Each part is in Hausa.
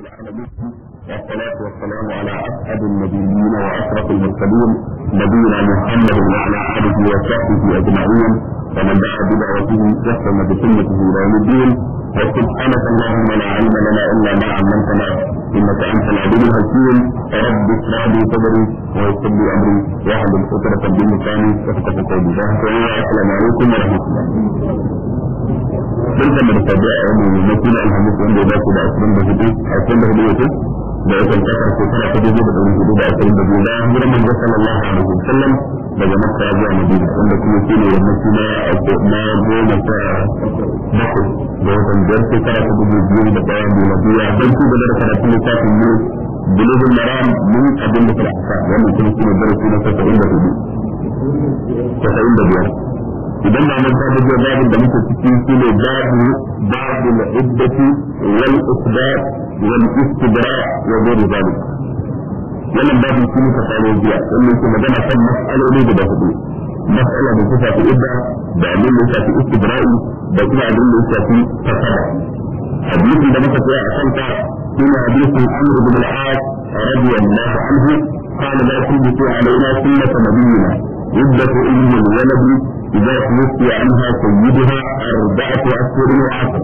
والصلاة والسلام على أسعد النبيين وأشرف المرسلين نبينا محمد وعلى آله وصحبه أجمعين ومن دعا بدعوته واهتم بسنته إلى يوم الدين وسبحانك اللهم لا علم لنا الا ما علمتنا انك انت العليم الحكيم رب اشرح لي صدري ويسر لي امري واحلل عقدة من لساني يفقه قولي السلام عليكم ورحمه الله barkan da tabi'a a yau mai mutum alhamis wanda ya dace da 24 a 24 yau da ya kwanta a shekara ta dubu da ɗari hudu da ashirin da biyu bayan hijirar manzo sallallahu alaihi wasallam daga makka zuwa madina wanda kuma shi ne yammaci na na goma sha bakwai da watan biyar shekara ta dubu biyu da ɗaya miladiya don ci gaba da karatun littafin ne بلوغ المرام من أدلة الأحكام ومن كل سنة درس سنة da 75 idan na nan babu da babu da muke ciki shi ne babu babu na iddati wal isbat wal istibra wa ghairi zalik wannan babu shi ne tsakanin biya wannan ke magana kan mas'aloli da hudu mas'ala da ta shafi idda da abin da ya shafi istibra'i da kuma abin da ya shafi fasada hadisi da muka tsaya a kanta shi ne hadisin amr ibn al-as radiyallahu anhu قال لا تلبسوا علينا سنة نبينا عدة أم الولد إذا توفي عنها سيدها أربعة أشهر وعشر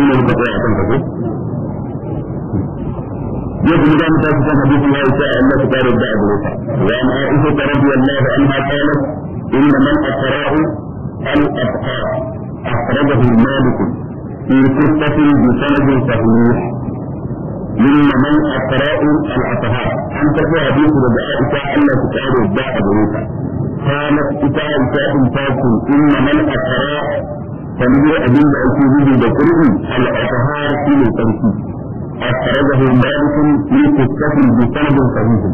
إلى القطيعة تنفذ يجب أن تكون حديث الله تعالى الله تكون بعد بروحها وعن عائشة رضي الله عنها قالت إن من أقرأ الأبقاء أخرجه مالك في قصة بسند صحيح مما من أقراء العطهاء أن تقوى حديث ودعائك ألا تتعاد الداء بريكا قالت كتاب إتاء فاكم إن من أقراء فمن أبين بأيكي بيجي بكره العطهاء في التركي أخرجه مالك في قصة بسند صحيح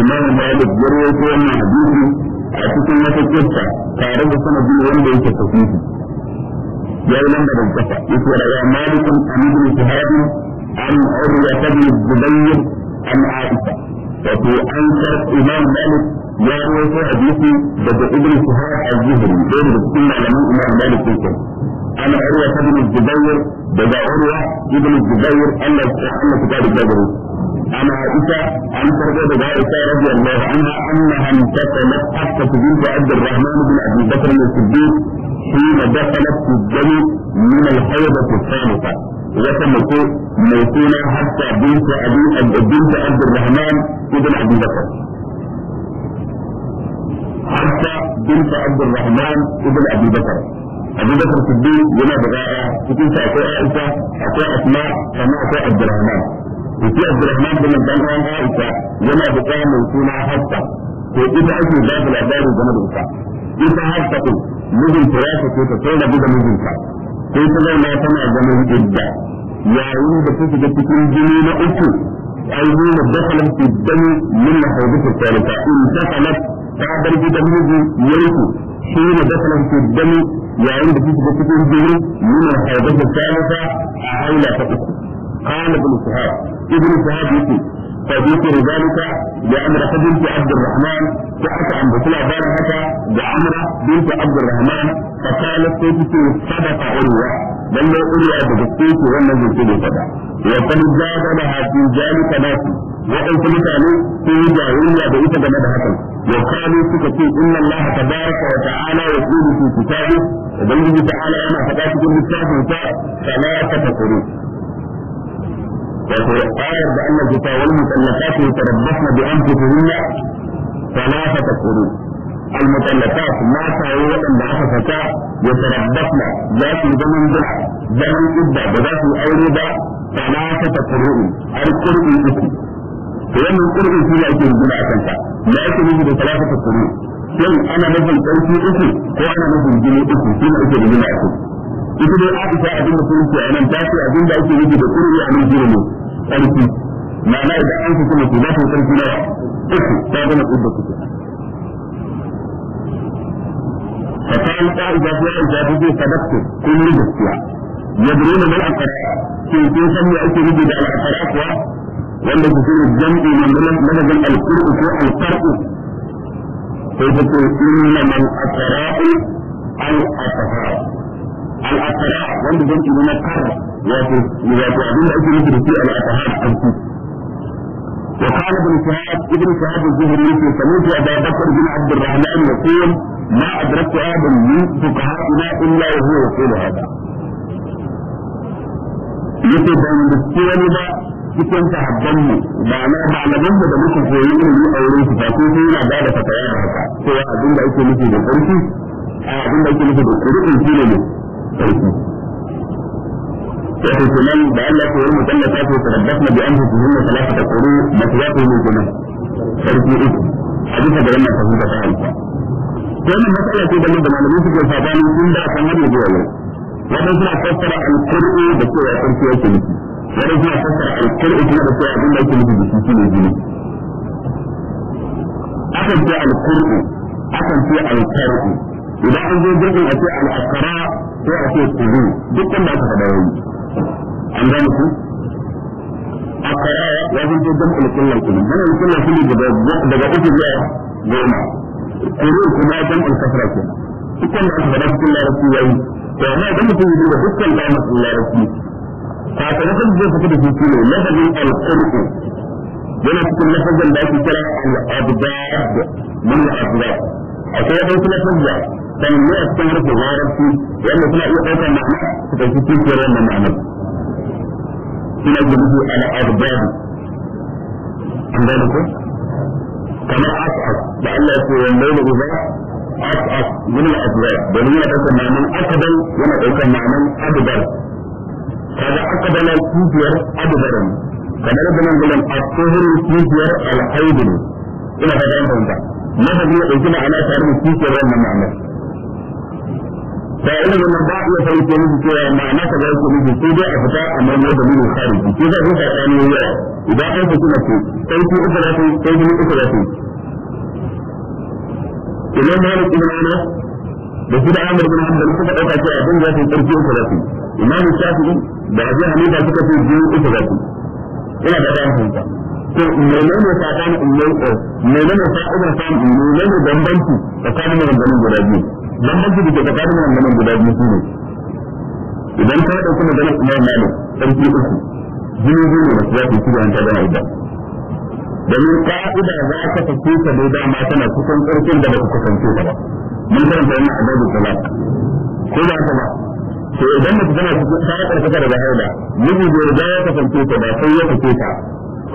إمام مالك جروة وما حديثي أتكلم في قصة تعرف سند وين بيجي صحيح يوم لما بالقصة يقول يا مالك أمين بهذه عن عروة بن الزبير عن عائشة وفي أنكر إمام مالك يا روح حديثي بدأ ابن شهاب الزهري بين السنة على من إمام مالك يمكن عن عروة بن الزبير بدأ عروة ابن الزبير أن أن كتاب البدر عن عائشة عن بن عائشة رضي الله عنها أنها انتقلت حتى بنت عبد الرحمن بن أبي بكر الصديق حين دخلت في الدم من الحيضة الثالثة وتمكو موسونا حتى بنت أبي بنت عبد الرحمن ابن أبي بكر حتى بنت عبد الرحمن ابن أبي بكر أبي بكر الصديق ينا بغاية تكون أكو عائشة أكو أسماء كما أكو عبد الرحمن وفي عبد الرحمن بن الدنيا عائشة ينا بغاية موسونا حتى to ita ake ba da labari game إذا ita ita har ta mijin ta ya ce sai ta zauna tana ganin idda yayin da ta shiga cikin jini na uku ai nuna dakalar fi min na haudatu in dakalar ta bar gidan miji yanku shi ne dakalar fi yayin da ta da cikin jini min na haudatu a haila ta uku قال ابن شهاب ابن شهاب يقول فذكر ذلك لأمر بنت عبد الرحمن فأتى عن بطلع بارحة لعمرة بنت عبد الرحمن فقالت سيدتي صدق عروة بل لو أولي أبدتيك ونزل كله صدق وقد جاب لها في ذلك ناسي كنت مثالي في جاهلية بإيسا جمد حسن وقالوا سكتي إن الله تبارك وتعالى يقول في كتابه وبلغ تعالى أنا فتاتكم بالكافر فلا تفكروا وقرآن بأن الفتاة والمثلثات يتربصن بأنفسهن ثلاثة قروء المثلثات ما تعيوا أن بعث فتاة يتربصن ذات زمن ضحى زمن إبدا بذات أوليدا ثلاثة قروء القرء الإسم فإن القرء في لأيك بلا كنت لأيك نجد ثلاثة قروء shin ana nufin ƙarfi uku ko ana nufin jini uku shi ne ake da jini uku ita dai aisha abin da sun ce a nan ta ce abin da ake nufi da kurmi a nan jini ne tsarki ma'ana idan an fi kuma za ta yi tsarki nawa uku ta gama tsubba kuke فقال قائد في عائشة بدي صدقت كل رجل يدرون ما الأقرع في كل سمي أي رجل على الأقرع wanda su shine jam'i ne na manajin alƙur'u ko alƙar'u sai ta ce inna man asra'u al asfar al'asara wanda zan tuno na kara wato wato abin da ake nufi da shi al'asara karfi وقال ابن شهاب ابن شهاب الزهري في سمعت ابا بكر بن عبد الرحمن يقول ما ادركت احدا من فقهائنا الا وهو يقول هذا. يقول بين الدكتور cikin sahabban mu ba na malaman da muka koyi ilimi a wurin su ba ko sun yana ba da fatawa haka cewa abin da ake nufi da ƙarfi a abin da ake nufi da ƙuri'in shi ne يعني كمان بقال لك يوم مثلث تربصنا بانفسهن ثلاثه قروء مسواكهم الجنان شركي اسم حديث بلما تفوت فهمت wannan matsala ce da da malamai suke sabani tun da akan har yanzu yau wannan suna fassara alqur'u da cewa sarki yake nufi wannan suna fassara alqur'u kuma da cewa abin da yake nufi da shi ne jini akan ce alqur'u akan ce alqur'u idan an zo gurbin a ce al-aqra ko a ce kuru duk wanda aka faɗa yayi an gane ku a kaya ya zanto jam'ul kullal kullu jam'ul kullal kullu daga uku zuwa goma kuru kuma jam'ul kasra kenan duk wanda aka faɗa cikin larabci yayi to amma idan mutum ya duba dukkan lamar larabci sakamakon zai fita da shi ne lafazin alƙur'u yana cikin lafazin da ake kira al-abdad min al-abdad akwai wadansu lafazin sanannu a cikin harkar larabci wanda suna iya ɗaukar ma'ana su ɗauki cikin wannan ma'anar suna gudu al'adbabu an gane ko kamar as'as da Allah ce wanda da uba as'as min al'adbab domin yana ɗaukar ma'anar akadal yana ɗaukar ma'anar adbar kaga akadala kifiyar adbar kamar da nan gudan asuhuri kifiyar al'aidu ina da ɗan fahimta na da tare da kifiyar wannan da irin da ba ya sai ke nufi cewa ma'ana ta ga nufi dai a fita a mai da dalilin khariji ke da duka tsani ya idan an fi kuma ce sai ku uku da sai sai ku uku da sai idan ma ne kuma ne da shi da Ahmad bin Hanbal suka dauka cewa abin da sai sarki uku da sai Imam Shafi'i da Abu Hanifa suka ce biyu uku da sai ina da to menene tsakanin ummai ko menene fa'idar samu menene bambanci tsakanin maganganun guda biyu bambanci da ke tsakanin maganganun guda biyu shine idan ka dauki maganar Imam Malik sarki uku jini jini da ya fi kiran ta da ida domin ka'ida za ka tafi ta da dama tana da baka kusance ba mun wannan salat ko ba ta ba to idan mutum tana cikin ta karkata miji bai riga ya kasance ta ba sai ya kace ta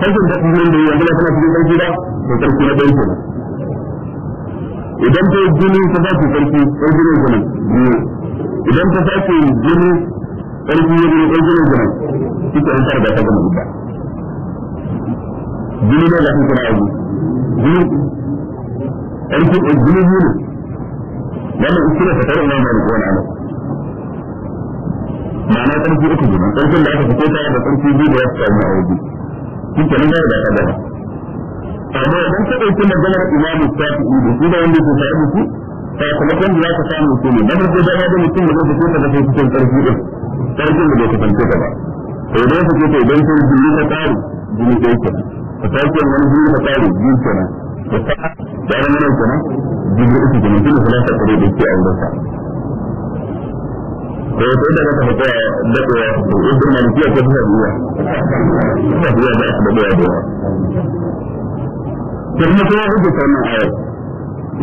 kashin da kuma da yanzu na tana cikin sarki ba ta sarki na ɗaya kenan idan ta jini ta ba su sarki ɗan jini kenan idan ta sake jini sarki ya jini ɗan jini kenan shi ke da ta gama ita jini ne da kuma abu jini sarki ɗan eh, jini biyu ne wannan iskila ta tare ina mai rikuwa na ma'ana sarki uku jini sarkin da aka fito ta da sarki biyu da ya samu a wajen shi ke nan da ta gaba amma idan ka ɗauki maganar imamu shafi'i da shi da wanda ke tare da shi sakamakon da za ka samu shi ne na farko da ya mutum da zai fito da cikin ƙarfi ɗin ƙarfin da bai kasance ba sai dai ka ce to idan ka jini ka tsari jini ɗaya kenan ka sake wani jini ka tsari jini zama nan kenan uku kuma tsare da ke ويتعد لك بتاع بتاع يبدو مالكية كبيرة بيها فهي بقى بقى بقى ثم كده هو كان عارف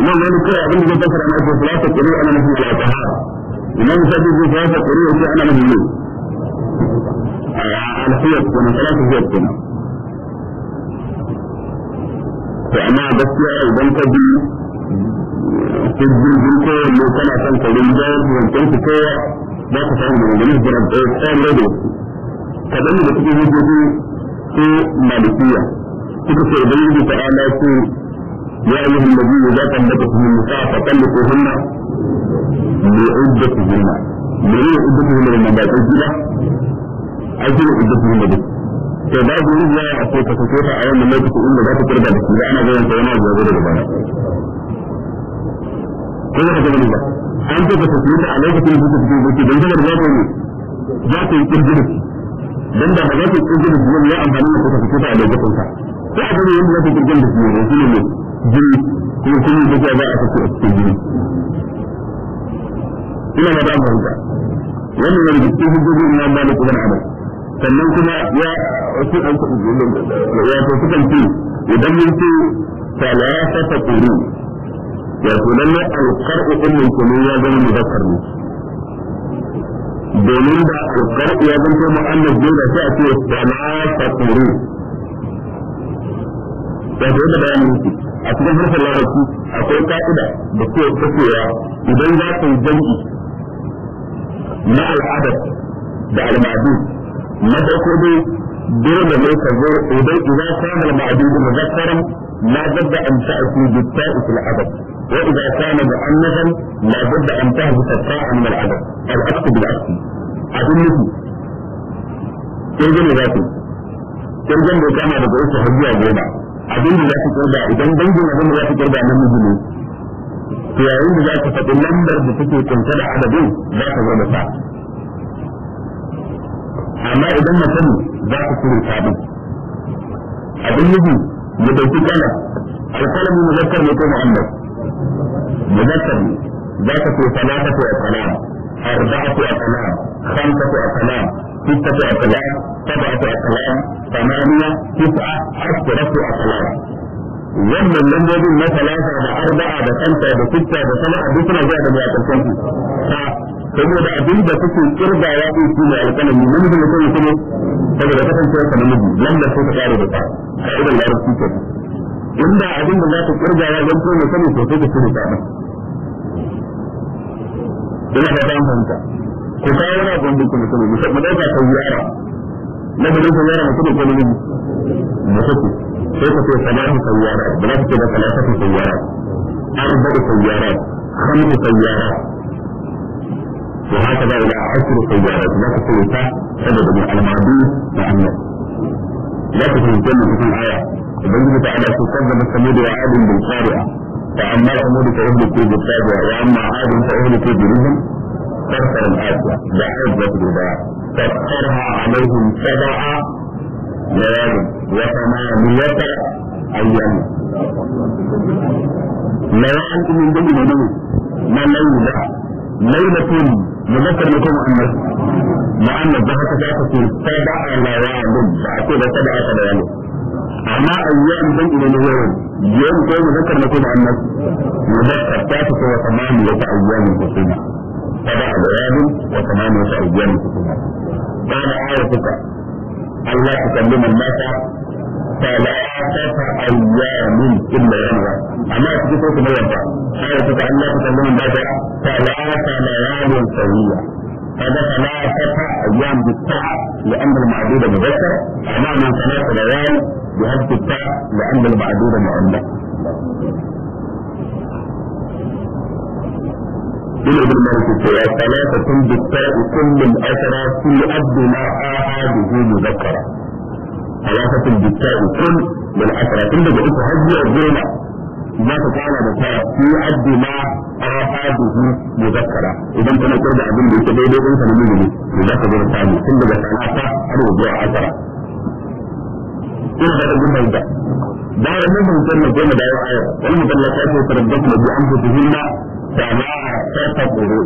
لو انا كده عبد الله بكر انا في ثلاثه قروء انا مش على طهاره امام سجد في ثلاثه قروء انا مجنون على خيط انا ثلاثه خيط كده فانا بس اذا انت دي في الجنة لو كان عشان تجنبها وانت كده za ka samu maganganun jiran ɗaya eh, tsayin rai wasu kaɗan daga cikin hujjoji ko malikiya suka ce idan yi ta ala ce ya yi hun nabi ya zaɓa da kuma musa a faɗan da ko hunna ne udda su hunna ne ne udda su da na gida a gina udda su hunna da to ba su rijiya a ce ka kace ta a wannan lokacin inda za ka kirga da su ana ganin ta yana gobe daga a ko ka ga ba an ce ka tafi ta a lokacin da kuka cikin barci don kamar za ku za ku yi kirgin don da ba za yi da ya amfani da fito ta a lokacin sai a gani yadda za da ne jini kuma yi tafiya za a tafi a cikin jini ina ba da amfani da wannan yana da cikin hujjoji ba da kuma sannan kuma ya wasu an ce idan mun ce salasa ta wato lalle alqar'u din nan kuma ya zama mudakkar ne domin da alqar'u ya zama mu'annas da sai a ce salata ta wato da bayanin a cikin harshen larabci akwai ka'ida da ke kasewa idan za ku yi jam'i na al'adar da al'adu na farko dai dole ne ka zo idan idan samun al'adu da muzakkaran لا بد أن تأتي بالتاء في العدد وإذا كان مؤنثا لا بد أن تهبط التاء من العدد العكس بالعكس أدلته ترجم ذاته ترجم على بدأت حجية جيدة أدل لا ترجع إذا دنجم أدل لا ترجع من مجنون في عين ذاك فقد لمبر بفكر تنسل عددين ذاك هو مساعد أما إذا ما تم ذاك سوري ثابت أدلته يبيتك انا القلم المذكر يكون عندك مذكر ذات في ثلاثة أقلام أربعة أقلام خمسة أقلام ستة أقلام سبعة أقلام ثمانية تسعة عشرة أقلام يمن لم يجد ما ثلاثة على أربعة على خمسة على ستة على سبعة بسنا زيادة من أقل خمسة فهو ده أدل ده تسوي إربع واقع فيه على كلمة من يجب أن يكون يسمي فهو ده تسوي كلمة من يجب لم يكون خارج الفاتح a irin larabci ke inda abin da za ka kirga ya zan ko mai sani sosai da shirin ta ina da ban fahimta ku kawo yana gombe ku mutum mu dauka ta yara na gudun ta yara mutum ko namiji mutum sai ka ce salatu sayyara ba za ka ce ba salatu sayyara arba sayyara خمس سيارات وهكذا إلى عشر سيارات لا تكون سببا المعدود فأنه لا تكون الجنة تكون آية وبنجد تعالى كذب ثمود وعاد بالقارعة فأما ثمود فأهلكوا بالسابعة وأما عاد فأهلكوا برجم صرصر الآسية بعيد وتجدها فأكثرها عليهم سبع ليال وثمانية أيام ليال من ضمن ما ليلة ليلة مذكر لكم أن لأن ده تأتي في سبع ليال بعد سبع ليال أما أيام بين إلى اليوم يوم كان مذكر لكم أن مذكر تأتي في ثمانية أيام حسنة سبع ليال وثمانية أيام حسنة قال آيتك الله تكلم الناس ثلاثة أيام إلا يوم amma a cikin sautin yawan ba ayar ta Allah ta kallon ba ta talata هذا ثلاثة أيام بالساعة لأن المعدودة مذكر أما من ثلاثة ليال بهذه الساعة لأن المعدودة مؤنث. إلى ابن مالك السياق ثلاثة بالتاء كل الأسرى في أبد ما آهاده مذكرة ثلاثة بالتاء كل الأسرى كل بقيت هذه الجملة za ka kwana da tara fi addu ma ahaduhu muzakkara idan kana kurda abin da yake daidai din kana mini ne za ka zo samu tun daga talata har zuwa asara ina da abin da da da mun mun san ne da dawo aya wani mutum ya kace tarabbatu bi anfusihinna sama'a tafaquru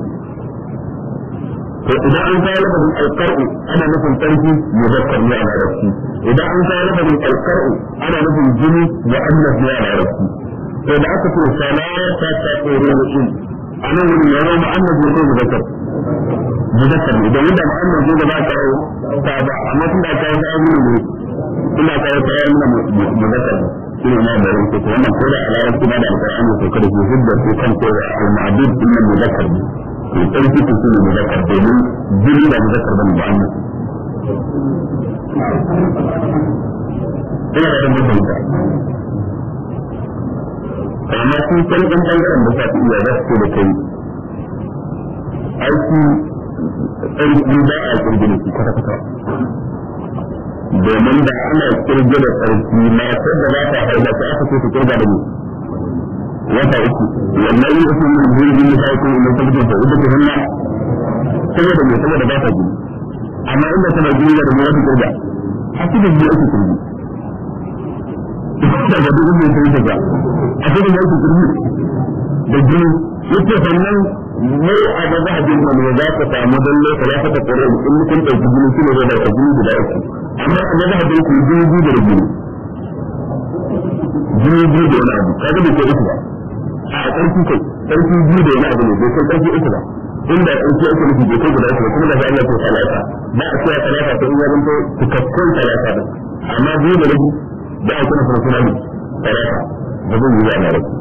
to idan an kawo lafazin alƙar'u ana nufin ƙarfi ya zakkar ne a larabci idan an kawo lafazin alƙar'u ana nufin jini ya annas ne a larabci to da aka ce salata ta a anan wurin ya zama annabi ko ne mudakkar idan wanda annabi ko ba ta ta ba amma tunda ta yi ayyuka ne tunda ta yi ayyuka ne shine ma da yanke ko wannan ko da alaran kuma da alqur'ani ko kada ku hujjar ko kan ko da al-ma'dud inna mudakkar ne to dan kike shine mudakkar domin jini da mudakkar ban ba annabi ina da mutunta amma sun san ɗan ɗaukan da sa iya za su da kai aiki tsarki ba a kirgin su kwata-kwata domin da ana kirgin da tsarki na sabda za ta haɗa ta aka ce su da mu wata uku wannan yi uku yin jirgin da ta yi kuma ina sabda ta uku ta saboda mai saboda ba ta jini amma inda tana jini da mu wata kirga a cikin biyu uku kirgi daga dubin mai sai daga a cikin yankin da yace sannan a ga za ka samu dalle in kun jini shi ne da jini amma ku jini da jini jini da abu kaga a ƙarfi kai da abu ne ba inda ƙarfi ake nufi bai guda kuma Allah ko talata ba a cewa talata ta cikakkun talata amma biyu da rubu da a kuna suna ne talata ba zai yi zama rasu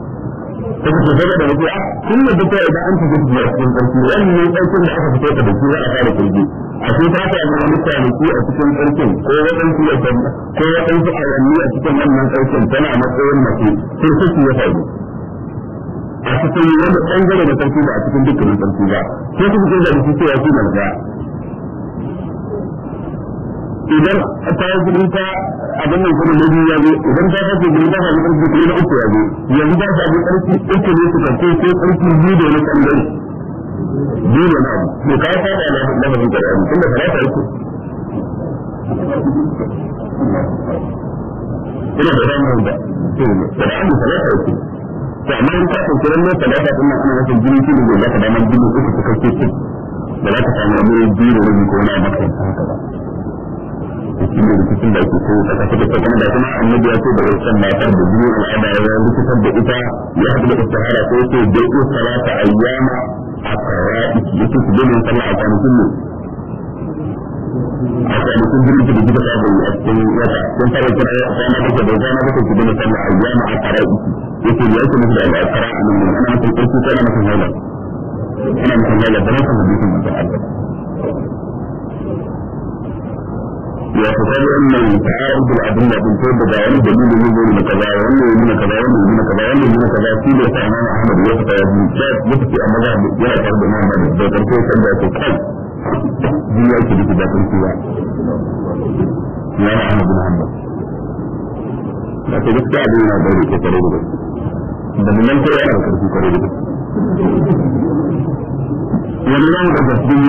sai kuka zama da rubuwa ah, tun da duka idan an tafi biyar cikin ƙarfi wannan ƙarfin da aka fito ka da shi a fara kirgi a ce ta samu wani kwanaki a cikin ƙarfin ko waɗansu ya samu ko waɗansu awanni a cikin wannan ƙarfin tana matsayin mace kirkuki ya faru a cikin wani ɓangare da ƙarfi ba a cikin dukkanin ƙarfi ba sai kuka zama da shi cewa su idan ta yi kudin ta abin nan kudin da biyu ya zo idan ta kashe kudin ba samu karfi na uku ya zo yanzu ta samu karfi uku ne su karfi ko karfi biyu da wani kan biyu da na abu ka ta da na na mafi karfi tunda ba ta yi ku ina da ranar da ta da an ta yi ku to amma in ka ɗauki ranar ta da ta kuma ana rashin jini shi da zai ba ka damar jini uku su karfe ku da za ta samu wani biyu da wani ko wani a makarantar haka ba shi ne rikicin da ake ko a kasa da kuma da kuma annabi ya ce da rikicin matar da biyu al'ada ya yi rikitar da ita ya haɗu da istihara ko ce da iya salata ayyama a karaɗi ya ce su gani sallah a kwanakin ne a kwanakin birnin da gida ta bai a cikin wata sun fara kira ya kwana kake da kwana kake su gani sallah ayyama a karaɗi ya ce ya ce musu da al'akara a nan ana mutum ƙarfi ko ana mutum haila ana mutum haila ba na kan hadisin mutum Allah ya fita da wannan ta'arud al-adilla din ko da wani dalili ne zai na kaza wannan ne na kaza wannan ne na kaza wannan ne na kaza shi da sai Imam Ahmad ya fita ya bi ta mutu amma da ya fara da Imam Ahmad da farko kan da ke kai duniya ke da da kan kuwa Imam Ahmad bin Hanbal da ke gaskiya abin yana da rike kare da da mun nan ko ya karfi kare da wannan da da yin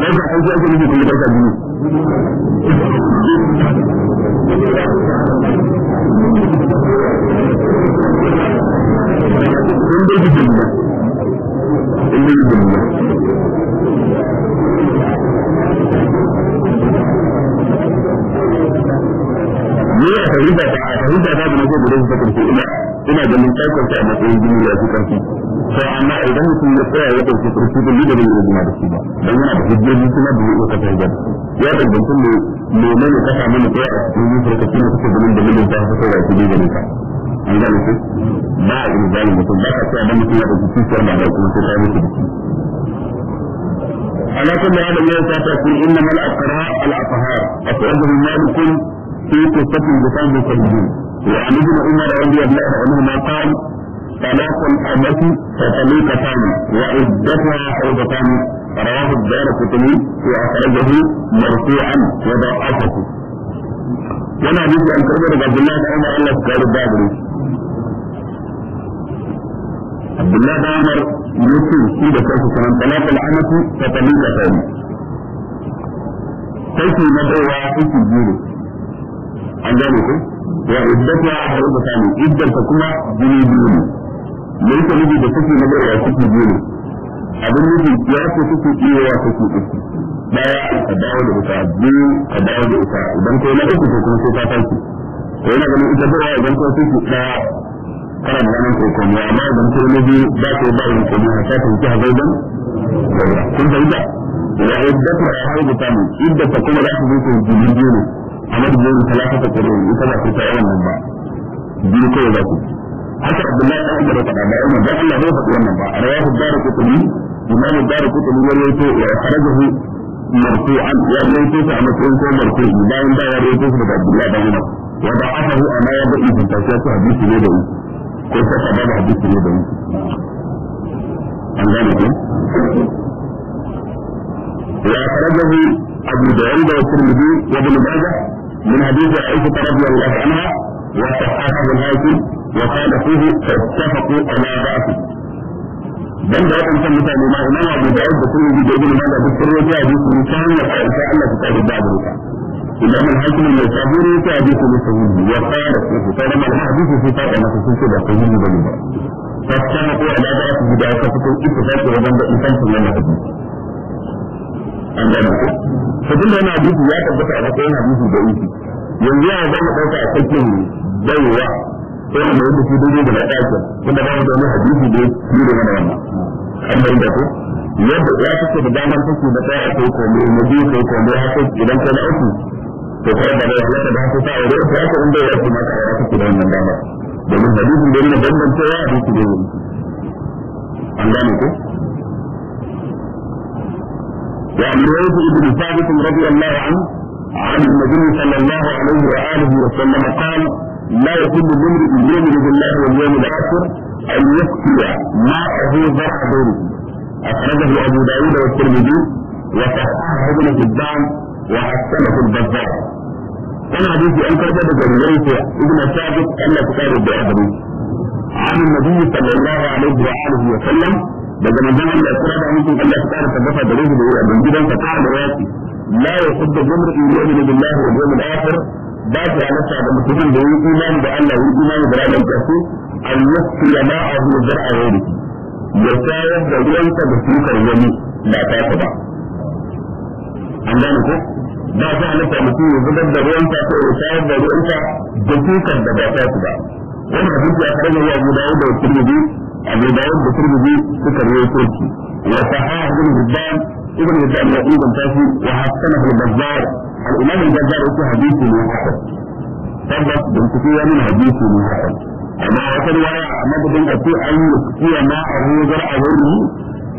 da ba ka aiki ake yi da barka duniya fahimta ta a fahimta ta da nake gudun ta karfi ina ina ganin ɗaukar ta a matsayin jini ya fi karfi to amma idan mutum ya tsaya ya ɗauki sarki da ni da zai iya da shi ba don yana da hujjoji kuma da zai iya kasa ya dangantu ne nome ne kasa mana tsaya a cikin zuciyar ka ne kake ganin da mijin ta fito da shi da ka an gane ku ba a iya zalin mutum ba ka tsaya da mutum ya ɗauki cutar ba da kuma sai ka mutu da shi على كل هذا لا تقول انما الاقراء الاطهار اخرجه مالك في قصه بسند سلمان وعن ابن عمر رضي الله عنهما قال طلاق الأمة فطليقتان وعدتها حوضتان رواه الدار القطني وأخرجه مرفوعا وضعفه yana nufi an karɓar daga Abdullahi da Umar Allah su kare da gare shi. Abdullahi da Umar yake shi da kansa sanan talakal amatu ta talika tani. Sai su na baiwa suke jure. An gane iddata kuma jini biyu mai ta da suke na gari a suke biyu abin nufin ya ce suke iya wa suke uku daya a dawo da ita biyu a dawo da ita idan kai na uku ko kuma sai ta tashi to yana ganin ita dawa idan kai suke daya kana da ranar kokon ya amma idan kai na biyu ba ka yi ba yin komi a ta tafi a zaidan kun fahimta wa iddatu a haihu ta mu ta kuma za su zo su jini biyu ne a madadin talata ta kuro ita ba su ta yawan nan ba biyu kawai za ku. haka Abdullahi da Umar faɗa ba Umar da Allah zai faɗi wannan ba rawahu Darqutni Imam Darqutni ya rawaito مرفوعا يا ريت على مسؤول كون مرفوع باين باين يا ريت بك عبد الله بن عمر وضعفه اما يضعي في التوسعات حديث يدعي كيف سبب حديث يدعي عن ذلك وأخرجه أبو داود والترمذي وابن ماجه من حديث عائشة رضي الله عنها وصححه الهاشمي وخالفوه فاتفقوا على ضعفه dan da waɗancan mutane ma imam abu da'ud da sun yi jirgin ma da duk sun rufe a jikin ta hanyar ƙarshe Allah ta tsari da abu ta idan mun hakim mai sabon rufe a jikin ta hudu ya fara su su tsara mal hadisi su ta ƙana sun ce ba ta hudu ba ba ta tsara ko ala da su da aka fito ita ta ce wajen da isan sun yana hadisi an gane ko to tun da yana ya tabbata a matsayin hadisi da isi yanzu ya zama ɗauka a cikin baiwa sai da yadda shi daidai da na ɗakin tunda ba mu da wani hadisi da ya da mana wannan amma inda ko yadda ya kake da damar take da kai akwai komai na biyu kai komai ya kai idan kai na uku to kai da ya halatta da kai ta aure ko haka inda ya kuma ta aure kake da wannan damar domin hadisin da yana bambanta ya hadisi da yake an gane ko وعن رويد بن ثابت رضي الله عنه عن النبي صلى الله عليه وآله وسلم قال لا يكون الامر يؤمن بالله واليوم الاخر ان يقتل ما هو ظهر اخرجه ابو داود والترمذي وصححه ابن حبان وحسنه البزار كان حديث ان كتب جريته ابن ثابت ان تقارب بأبري عن النبي صلى الله عليه واله وسلم بدل ما جمع الاسباب عن مثل الله تعالى تدفع دليل الى ابن جدا فقال رواتي لا يصد الامر ان يؤمن بالله واليوم الاخر ba shi halatta da mutumin da yi imani da Allah yi imani da ranar kasu an yasfi ya ma a hu da a wuri ya shayar da ruwansa da sukar wani ba ta ba an gane ko ba shi halatta mutum ya zubar da ruwansa ko ya shayar da ruwansa da sukar da ba ta ba wani hadisi a kan yawa guda da turmi أبو داود الترمذي ذكر يوسف وصححه ابن هبان ابن هبان يقول تاسي وحسنه البزار al-imam al-bazzar yake hadisi ne haka tabbas bincike ya nuna hadisi ne haka amma wata riwaya a madadin a ce an yi kiya ma a hujjar a wuri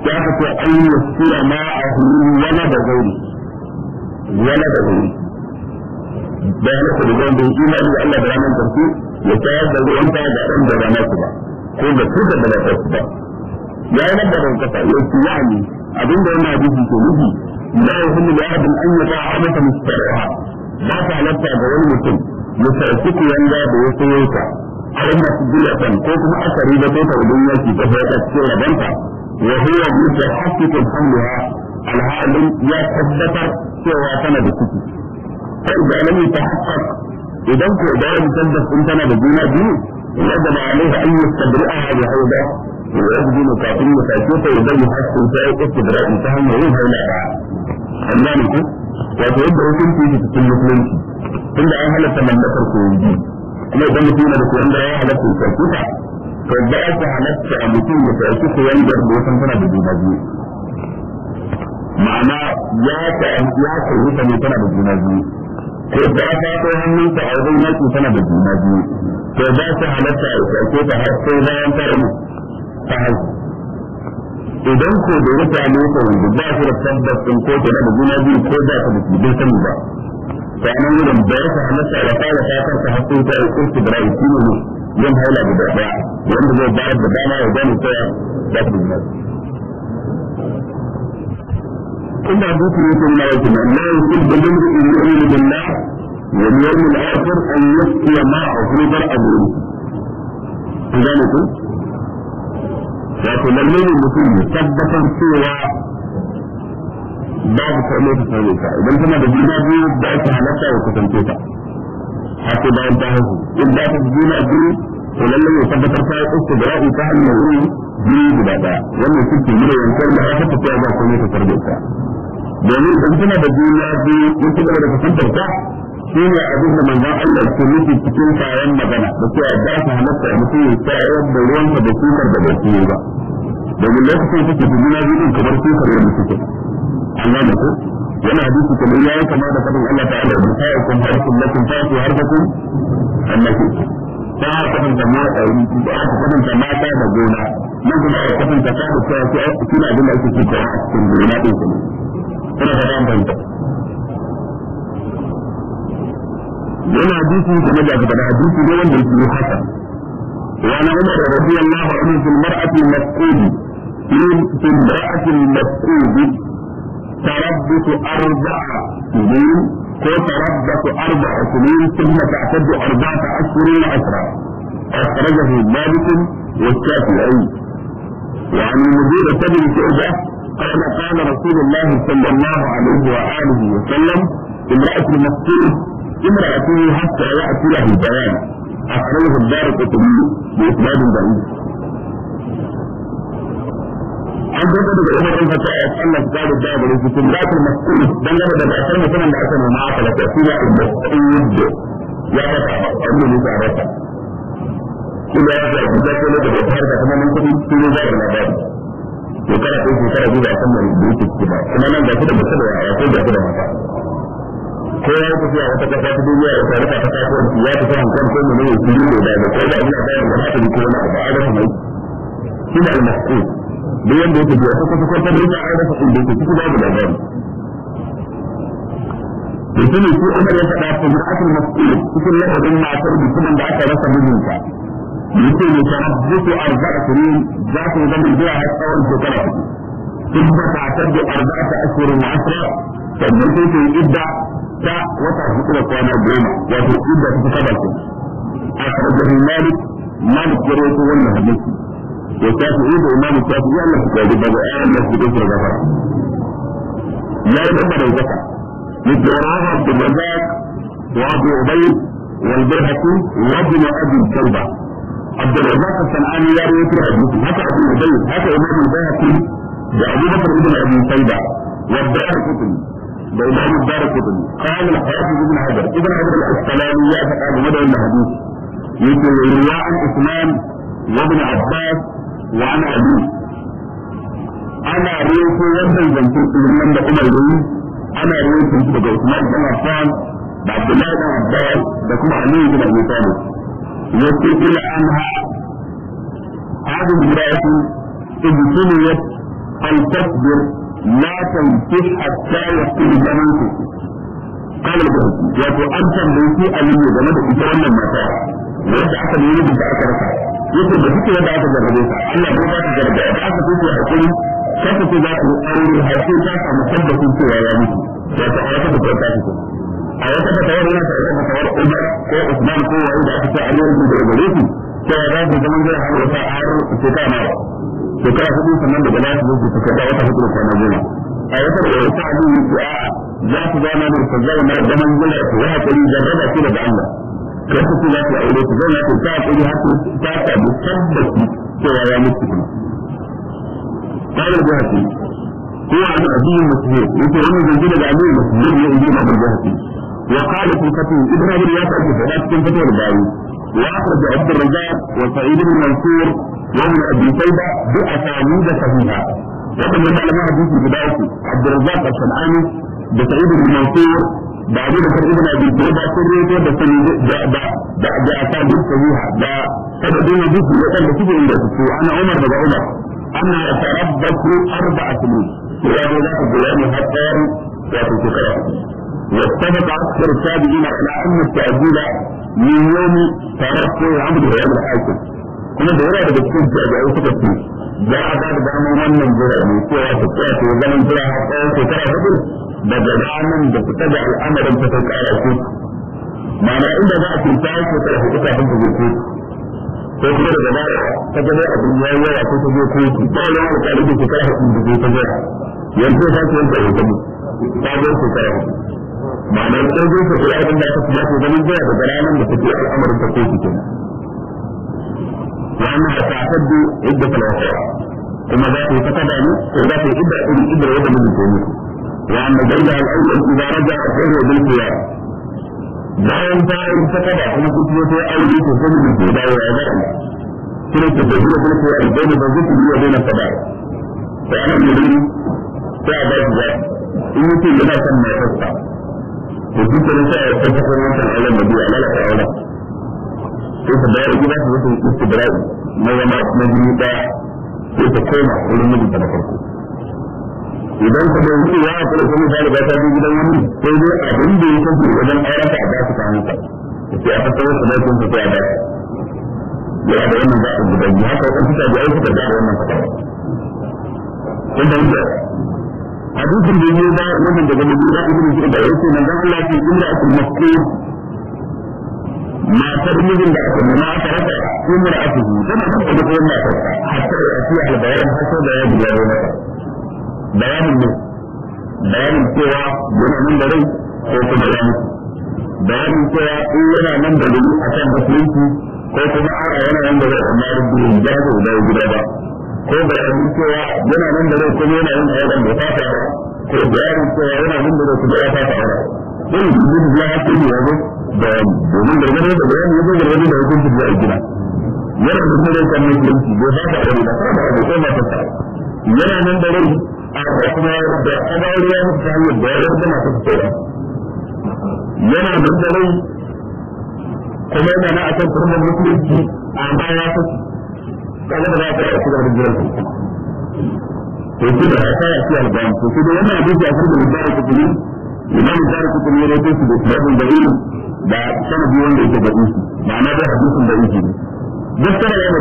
ya ka ce an yi ma a hujjar wala da gauri wala da gauri da ya nasa da gauri da ima Allah da ranar karfi ya tayar da ruwan ta da ɗan da ranar ba ko da su da da ba ya yi nan da rankasa ya ce ya'ani abinda yana hadisi ke nufi لا يهم لأحد من اي أحدا مسترعا ما فعلت أبو المسلم يسعسك يلا بيسويك أرمى سبيلة كوكما أسريبة تودنيا في تهيك السورة بنتا وهو مثل حقك الحملها العالم يتحدث سوى سنة بسكي فإذا لم يتحقق إذا كنت دائم تدف انتنا بدون دين يجب عليه أن يستبرئها بحوضة ويأخذوا مقاطعين مساكوتا ويبني حتى يتعي اكتدراء يتهم ويوم هاي لعبا أمانك وتعد رسول في جسد المسلم كل أهل تمنى فرق ويجي أنا أظن فينا بس عند أهل مساكوتا فالبعض حالات تعمتين مساكوتا ويجب بوسن فنا بجينا جيه معنى يا تعمتيات ويجب بوسن فنا بجينا فإذا كان من تعظيمات سنة الجنة فإذا كان لك أو تأكيد حتى لا ينترمي idan ko da ya same ta wanda ba shi da tabbas din ko da juna biyu ko ba ta da shi bai sani ba sanan wurin da ya sa masa da fara ta farka hakku ta kurti da rai shi ne yan haula da daya wanda zai bayar da dama ya gani ta da duniya إلا ذكر يكون لك لا يكون بالمرء إن يؤمن بالله واليوم الآخر أن يسقي معه في برأة ذلك wato lalle mutum ne tabbatar cewa babu karno ta same ta idan tana da juna biyu da aka halatta ya kusance ta haka bayan ta haihu in ba ta juna biyu to lalle ya tabbatar ta yi uku da ra'ayi ta hanyar wuri biyu guda ɗaya wannan shi ke gida yankar da haka ta tsaya ba ta tarbe ta in tana da juna biyu in da kusantar shi ne abin da manzan Allah ke nufi cikin kayan magana da cewa ba su halatta a mutum ya tsayar da ruwansa da sukar da bai ciye ba domin lokacin suke su juna biyu kamar sukar wanda suke an gane ko yana hadisi kuma ya yi kama da fadin Allah ta'ala da ta yakun harkun lakum ta su harkakun annaki ta harkakun da mata da aka kwatanta mata da gona nan kuma aka kwatanta ta da cewa su ake kina abin da ake cikin gona ɗin kuma. Kuna fata an yana hadisi kamar da aka hadisi ne wanda yake haka وعن عمر رضي الله عنه في المرأة المفقود في المرأة المفقود تربت أربع سنين كو تربت أربع سنين ثم تعتد أربعة أشهر وعشرة أخرجه مالك والشافعي وعن المدير بن شعبة قال قال رسول الله صلى الله عليه وآله وسلم امرأة المفقود امرأته حتى يأتي له البيان أخرجه الدار القطبي بإسناد ضعيف an daga daga umar ɗan fata a Allah ta da daga da cikin lafiyar masu dangane da bakar musamman da aka nema aka lafiya su ya inda tsayin da ya fata da kuma da ta harka kuma nan kuɗi su ne za biyu a ba kuma nan da da ko ya yi tafiya wata kasa ta duniya da tare da kasuwanci ya tafi hankali ko mu ne ya fi da da ko da ina bayan da haka ko na da adam ne shi da almasku da yanda yake biya ko kuma kwantar da ya rasa inda yake cikin babu da babu mutum ko umar ya faɗa ta mar'atul mas'ul cikin lafazin matar mutumin da aka rasa mijinta yace ne ta zuwa arba'a za ta zama zuwa har tsawon shekara ثم ashirin أربعة أشهر وعشرة ثم تنتهي idda. ta wata hudu da kwana goma wato inda ta kaba ce a karɓar malik malik ya rawaito wannan hadisi ya shafi inda imam shafi ya Allah ya ji daga ayan da su dace daga fara ya yi dabba da zaka يتراها عبد الرزاق وابو عبيد والبرهقي وابن ابي الكلبه عبد الرزاق الصنعاني لا يوتر حديثه حتى ابو عبيد حتى امام البيهقي وابو بكر بن ابي شيبه والدار قطني بين أن يبارك الدنيا قال الحافظ ابن حجر ابن حجر السلامية فقال مدى الحديث يقول رواء عن إثمان وابن عباس وعن أبي أنا رئيس وزن جنسي في من دقم الدين أنا رئيس من عثمان بن عفان بعد الله بن عباس دقم علي بن أبي طالب يقول إلى أنها هذه المرأة ابتليت فلتصبر لا تنكح حتى يكون زمنك قال البهجي wato an tambayi Ali ne game da ita wannan mata wanda aka nemi da aka rasa yake da duka yadda aka gargaɗe ta Allah ne za ta gargaɗe da aka tafi a hakuri sai ta ce za ta aure har sai ta samu tabbacin cewa ya mutu wato a wata da ta fito a wata da tawar yana da wata tawar Umar ko Usman ko wanda aka ce Ali ne da gargaɗe shi sai ya zama zai har wata har shekara shekara hudu sannan daga lafi zuwa su kada wata hudu da kwana goma a wata da wata abu yi a za su zama da su zama da zaman gula su ya hakuri da raba su daga Allah kar ku za su aure su zama su ta hakuri har su ta samu tabbaci cewa ya mutu kuma. Kare da hakuri ko a da addinin musulmi yake wannan zanjira da addinin musulmi ne in ji ma da hakuri. Wa kare kun kafin Ibrahim ya sake faɗa cikin fatawar bayi واخرج عبد الرزاق وسعيد بن منصور وابن ابي شيبه باسانيد صحيحه وكما قال ما حديث بدايه عبد الرزاق الشمعاني بسعيد بن منصور بعد ذكر ابن ابي شيبه سريته بسند باسانيد صحيحه لا سبب وجود يقال بكتب عند عن عمر بن عمر أنا أتربص أربع سنين وهذا ذاك الغلام حتى وفي شكرا واتفق أكثر التابعين على أن التأجيل من يوم تركه عبد الرياض الحاكم kuma da yana daga cikin jami'ai suka ce za a ba da damar wannan jira ne cewa ta tsaya ta zaman jira a tsawon shekara hudu daga ranar da fita da al'amarin ta kai kara ce ma'ana inda za a ce ta yi shekara hudu kafin ta zai ko kuma daga baya ta gaba abin ya yi yawa ko ta zai kotu ba wani alƙalin da shekara hudu da zai ta zai yanzu ta mu ma'ana sai zai ka kula abin da aka ta ke ganin jiya da da take al'amarin ta ko cikin wani da ta haddu idda kuma za ta yi ta kada ne ko za ta yi idda irin idda yadda mun ke yi وأن بين الأول إذا رجع فهو بالقيام bayan ta yi ta kada kuma kuma ta yi aure ta sani da ke dawo a zara kuma ta da zuwa kuma ta yi alƙawari zai iya kada ta ana yi ta a ba shi in yake yana son matarsa to duk da sai ya tafi kan wannan alam da biya lalata aure sai ta bayar gida ta wuce istibra'i na zama na jini daya sai ta koma wurin mijinta na farko idan ka da wuce ya kula kuma ta riga ta je gidan wani sai dai abin da ya kace wajen aure ta ba su ta hanka sai a fassara da da da gidan ya haka kan ta ji aiki da wannan da hadisin da yake ba wannan daga Mugira ibn da yake nan dan Allah ke inda aka mafi matar mijin da aka nuna aka rasa umar aka yi tana nan da kuma matar hatta ya fi albayan hatta da ya biya wani bayanin ne bayanin cewa yana nan da rai ko kuma ya bayanin cewa in yana nan da rai akan musulunci ko kuma yana nan da rai amma rubutu ya da gida ba ko da kan cewa yana nan da rai kuma yana yin auren da fata ko da yaron cewa yana nan da rai kuma ya ya ne yanzu da domin da da bayani yanzu da da hukunci da ya gina yana da kuma rai kan nan dinki da fata da fata aure ko mata ta yana nan da rai a kuma da aure ya mutu ta hanyar da ya yana nan da rai kuma yana na akan kurmar musulunci ya kaga ba za shiga da jiran to shi da aka yi shi alban to shi da wannan abin da aka da ku ne imam da ku ne ne ko da sabon da ilmi da sanin biyan da yake da shi ma'ana da hadisin da yake ne duk yana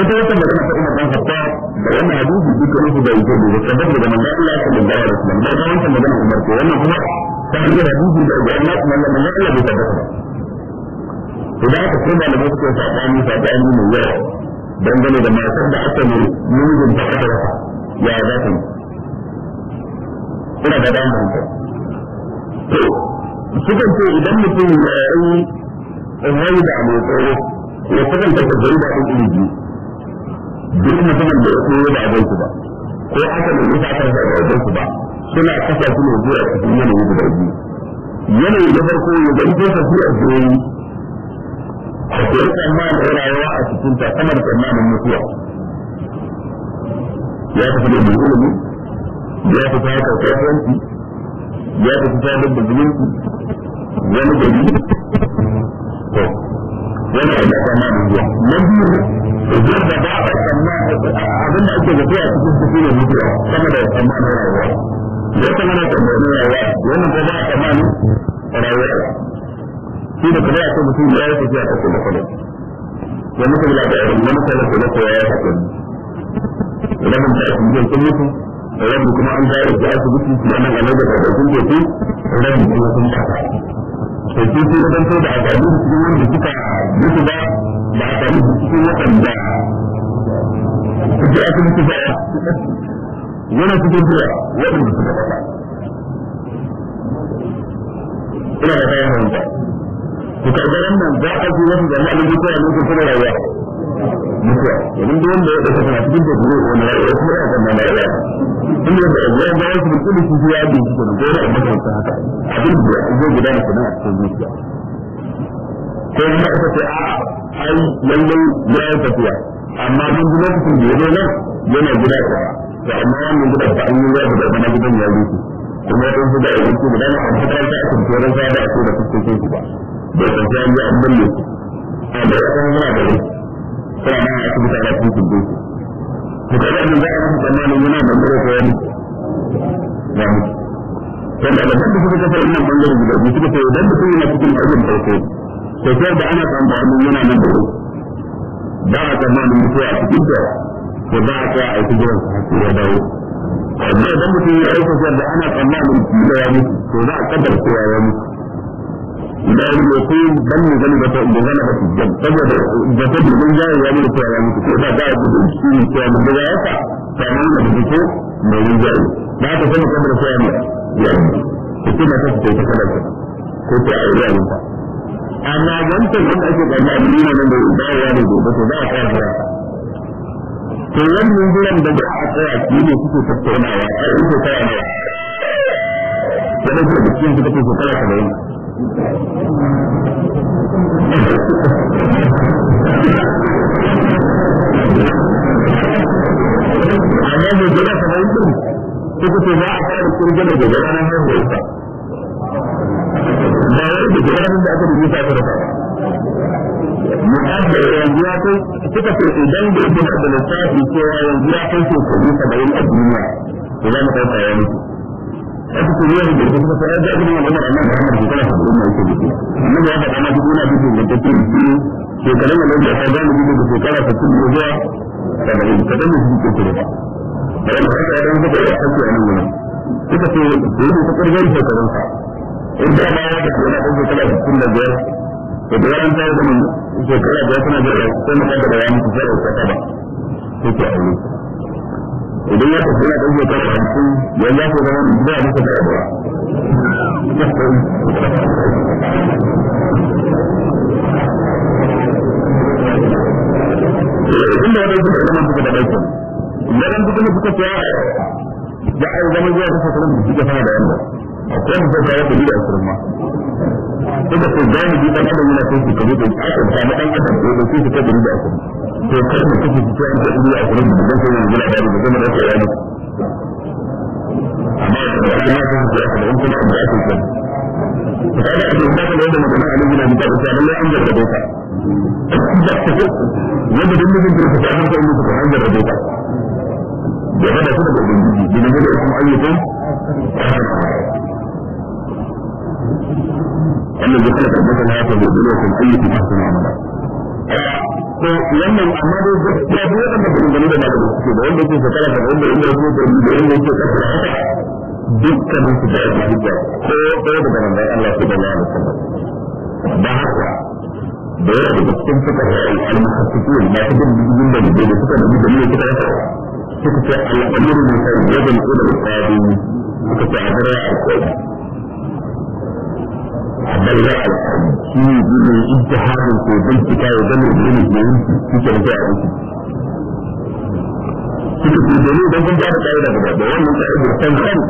ita wata da kuma Umar dan da wannan hadisi duka ne da yake da da manzo Allah sallallahu alaihi wasallam da wannan magana Umar ko wannan kuma ta hanyar hadisi da Allah kuma Allah bai tabbata ba kuma da mutum ne yawa dangane da matan da aka ne mulkin da aka rasa ya za ta yi ina da damar da sukan ce idan mutum ya yi wani da abu tsoro ya sukan ta gari da ɗin biyu duk mutumin da ya koyo da abin ba ko aka ne ya yi da abin ba suna kasa su ne zuwa cikin yanayi da biyu yanayi na farko ya zama kasa su a zuwa da ke tsammanin rayuwa a cikin ta sama da tsammanin mutuwa ya tafi da mai ilimi ya tafi haka kasuwanci ya tafi sadar da zumunci wani gari to yana da tsammanin zuwa na biyu idan da ba a abin da ake zafiya cikin su mutuwa sama da tsammanin rayuwa ya tsammanin tsammanin rayuwa wannan ko ba a tsammanin rayuwa shi da kuma ya ce mutum ya yi tafiya ta kuma kuma ya muka yi labarin wani kala kuma ko ya yi hakuri rabin da ake yin kuma mutum rabin kuma an ga yake asibiti kuma nan a da karfin teku rabin kuma sun kafa to shi sai dan sai da akalu cikin wanda suka mutu da asibiti ba yana cikin da kayan hanta ku karɓi za a fi wasu da wani kuma rayuwa mutuwa wanda ya ɗauka tana cikin da zuwa wani rayuwa kuma ya na rayuwa in yadda ya bayar su da kudu su ya su da dole a makaranta haka abin da zai gudana kenan a cikin zuciya ko kuma aka ce a ai lallai ya yi tafiya amma mun ji lokacin da ya zo nan yana ta to amma wannan ta an yi ya da kuma gidan ya rufe kuma ya ɗauki da ya rufe guda na a a cikin ya da a cikin da fuskokin su da ta ji an balle a da kan muna da rai kuma na a cikin tsara cikin kudu to kada mun ga an tsammanin yana da mura ko wani ya mu dan da ban da kuka ta fara nan bangaren guda ne kuka sai dan da kuka yana cikin abin farko to sai da ana tsammanin yana nan da ba a tsammanin mutuwa a cikin ta ko ba a tsaya a yi jiran sa ya dawo amma idan mutum ya aikata da ana tsammanin kila ya mutu to za a kaddara cewa ya mutu da mutum dan ne zani bata da zani bata saboda da ta dubin jayi ya mutu ya mutu ko da da ku shi ne ko da da ya ta ta ne da duk mai yin jayi da ta kuma kamar da sai ya ya kuma ta ce ta kada ko ta aure ne ta amma dan wanda ake da na dina nan da da ya ne da to da ta to wannan gurin da ba a tsaya shi ne kuke tattaunawa ai ko ta ne da da cikin da kuke tsaya da amma bai gida saba'in din suka ce za a fara kirgin da gobe ranar haihuwarsa ba da da aka ta da yanzu ya kai suka ce idan da ya da lissafi cewa yanzu ya kai shekaru saba'in a duniya za mu kai tsaya aka ce ruwan da kuma sai ga abin da Allah Allah Muhammad ke kana da mai ke dake annabi ya faɗa maka kuna da cikin da take shekarun da Allah ya gani da da shekara ta cikin zuwa da da da da shi ke tsere ba da haka ya dan da ya kace a nan wurin kuka ce da yake ta karbar shekarun sa in da ba ya da kuma da shekara ta cikin da da da ran ta da mun shekara da tana da sai mu kada da ya mutu sai da ta ba take aure idan ya tafi na ɗauke ta hamsin ya za ku zama ba masa da yawa inda wani suka zama suka da ɗauke yaran suka suka ce ya ai zama zuwa ta fasirin da suka fara da yamma akwai mutum ta yi ɗari da suka ce ba dan adam yana son su kare da akan ta na dan adam ko da su ta da da akan to kar mu kace su ta da da akan da dan sai yana da da zama da sai yana amma da kuma da da da in kuma a nan da ta da ko mu ta wannan ya kala tabbata na ta gudu da kun ayyuka ba su ma'amala to wannan amma dai gaskiya duk wanda ba gani da ba da suke da wanda yake shekara da wanda yake da wanda yake da kasar haka dukkan su da ake hujja ko ɗaya daga nan bai Allah su da ya da ba haka da yawa daga cikin suka da al-muhassiqun ma ta bin bin da da suka da da ne suka rasa suka ce al-amru min sayyidil qadi suka ce a gara al-qadi بل يعلم في اجتهاد في بيتك ودمر بين اثنين في تنزاع suka ce domin idan kun jaba ƙa'ida guda da wannan ƙa'idar kan kan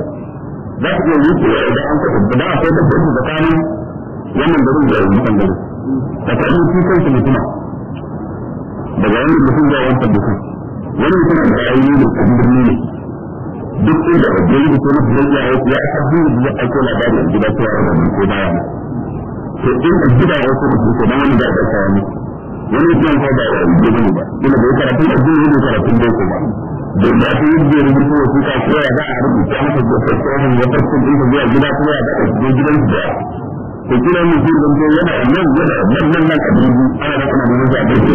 za su iya wucewa idan an taɓa da ba a kai da kuma tsakanin wannan garin da wani kan garin tsakanin shi kansa mutuma daga wani mutum zuwa wancan mutum wani mutum da ra'ayi ne kan birni ne duk inda da gari da kuma zai iya ya aka zuwa da ake labari a gida cewa da ko baya to in da gida ya kuma su ko dan wani da ya kawo musu wani mutum ko da ya yi gani ba ina da karatun addini ne karatun boko ba da ya fi yin da rubutu wasu ka ko ya za a rubuta masa da tsarin da tsarin din da ya gida ko ya da da gidan su da to kina mu ji dan to yana nan yana nan nan nan kabin ana da kuma mun ga da shi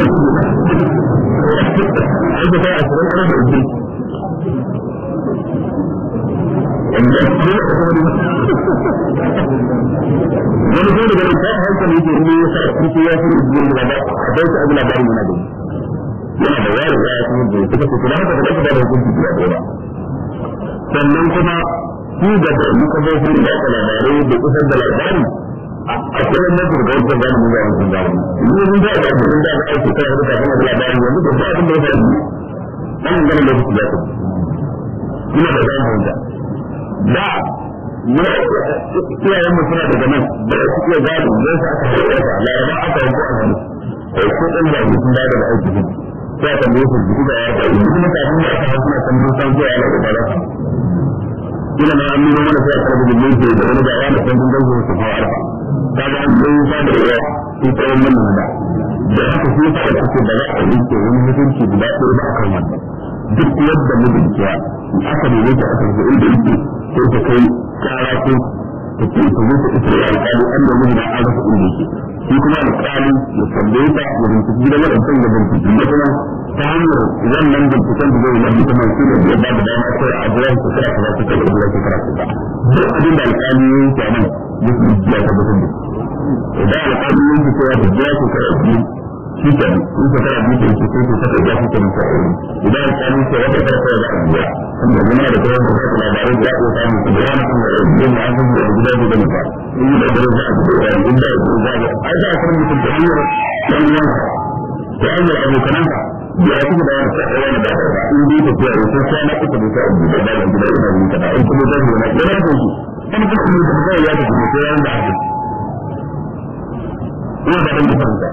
ko ta asirin da wani ko daga ta hankali yake ne ya sa kurku ya fi rubutu da ba a bai ta abu labarin yana da yana da wayar da ya fi rubutu suka ce kula da kafa da hukunci ba sannan kuma su da da muka bai fi da labarai da kusan da labari a kullum na turga wata gani mun gani sun gani ni mun da da da aiki kai da kana da labari yanzu da ba abin da ya faru an gani da su ina da gani da da iyayen mu suna daga nan da su iya gado don su aka haifar da laraba aka yi kuwa hannu ko ɗan da sun suna da aiki ne sai aka mai su da ya ga yi kuma kafin ya kawo suna san sun san zuwa ya da rafa kila ma nuna mana sai a karbi da mulki da wani gawa da san sun gansu su kawo alfa ta ga an tsayi ba da yawa su tsawon nan da da haka sun sa da suke da za a yi ke wani hukunci guda ɗaya da akan wannan duk yadda mijinta aka nemi ta aka zo inda yake ko ta kai kara ko ta ce ta zo ta ita ya alƙali an da mijina an rasa inda yake shi kuma alƙali ya tambaye ta ya binciki gidan waɗancan ya binciki da kuma ta hanyar wannan binciken da zai lafi kuma shi ne ya ba da dama sai a ta su kira kaza su kira kaza su kira kaza duk abin da alƙali ya yi ta mutum ya tabbatar da idan alƙali ya yi ta da ta su kira shi ke in ka tara biyu ke ko ta ta gafi idan wata da abuwa inda muna da kawai ta ta labarai da ko ta mu da ran kun da da da da da in da da za ku da in da ku za ku ai da kan mutu da da ka da ya kuma da ya ta da wani da in bi ta na ku ta da da da guda da da in kuma da da da da da ina da ranka kanka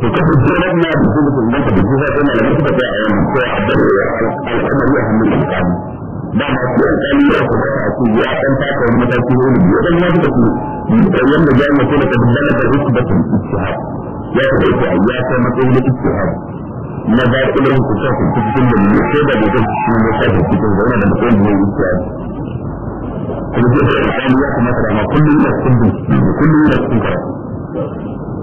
to kafa na da su ka dubu zai kana da da ko da a hannun alƙali da ma su an tsali ya ku ta ku ya san ta ka wani mataki ne ne dan ku da yanda ya mace da kan da da su da ya ya da na ba ku da ku ta ku cikin da ne sai da da shi ne sai ku da da matsayin da istihab kuma da ya kamata da ma kullum da kullum kullum da kullum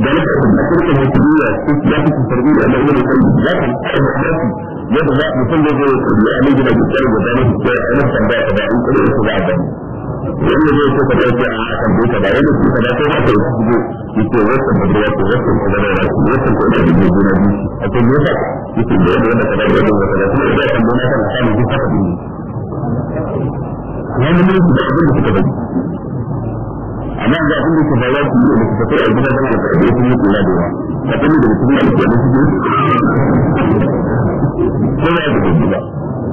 ذلك الشرك الوكيلية لا تستردين على أول القلب لكن أحدث يبدأ يسلم يعني من الجسد وذلك نفسا ذاك بعد كل إصبع دم wani zai so a kan duka ba yadda suka da ko a kan yasa yake da yadda wanda kada da yadda wanda kada kuma idan kan gona kan kan yi haka biyu wani mulki da abin da suka bari amma ga abin da ke faruwa su ne da su tafi a gida zama da karbe sun yi kula da yawa a da da ko ba da gudu ba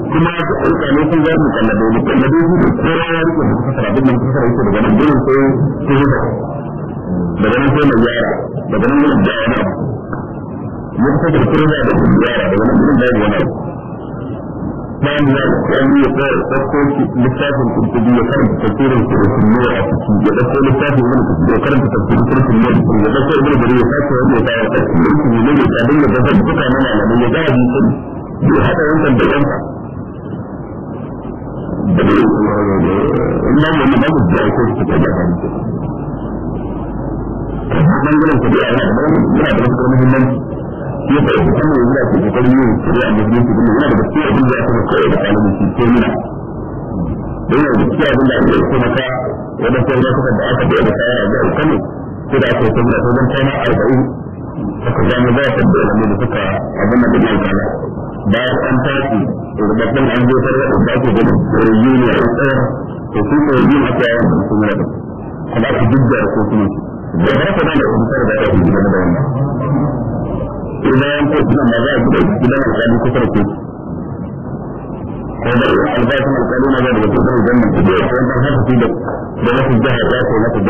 kuma a alƙalai sun za su kallabe da kallabe su da kowa ya rike da suka sarabin da suka rike daga nan gurin sai su yi da da da da كان يعني يقول لساف الكتبية كان تفسير الكتبية يقول لساف الكتبية كان تفسير الكتبية يقول ابن بريء فاتح هو يتعالى تفسير الكتبية يتعلم بذل بقى من علم يجاهد يسل حتى وانت بيانك إنه من بعض الدعاء تتبع عنه من قلت بأعلى من قلت بأعلى من قلت بأعلى ya sa ita kuma yanzu ake kokarin yin shari'a musulunci kuma yana da gaskiya abin da aka fi da kalamin shi ko nuna don yanzu gaskiya abin da aka yi maka wadda sai da kuka da aka biya da kaya a jihar Kano ko da aka yi sabon da wajen kwana arba'in aka zama ba ta da ilimin da suka abin da ta biya kala bayan an tashi rubutun an zo sarwa da ake da rayuwa a tsayar to su ko yin aka yawan da su mura da kuma aka jujjara ko kuma da ba ta da ilimin da ya fi da wannan ko bayan ko kuma ma za a gudu gidan alƙali da ko da albashin alƙali na da zama da yawan kan haka su da da wasu jihar za su da daga sun hannu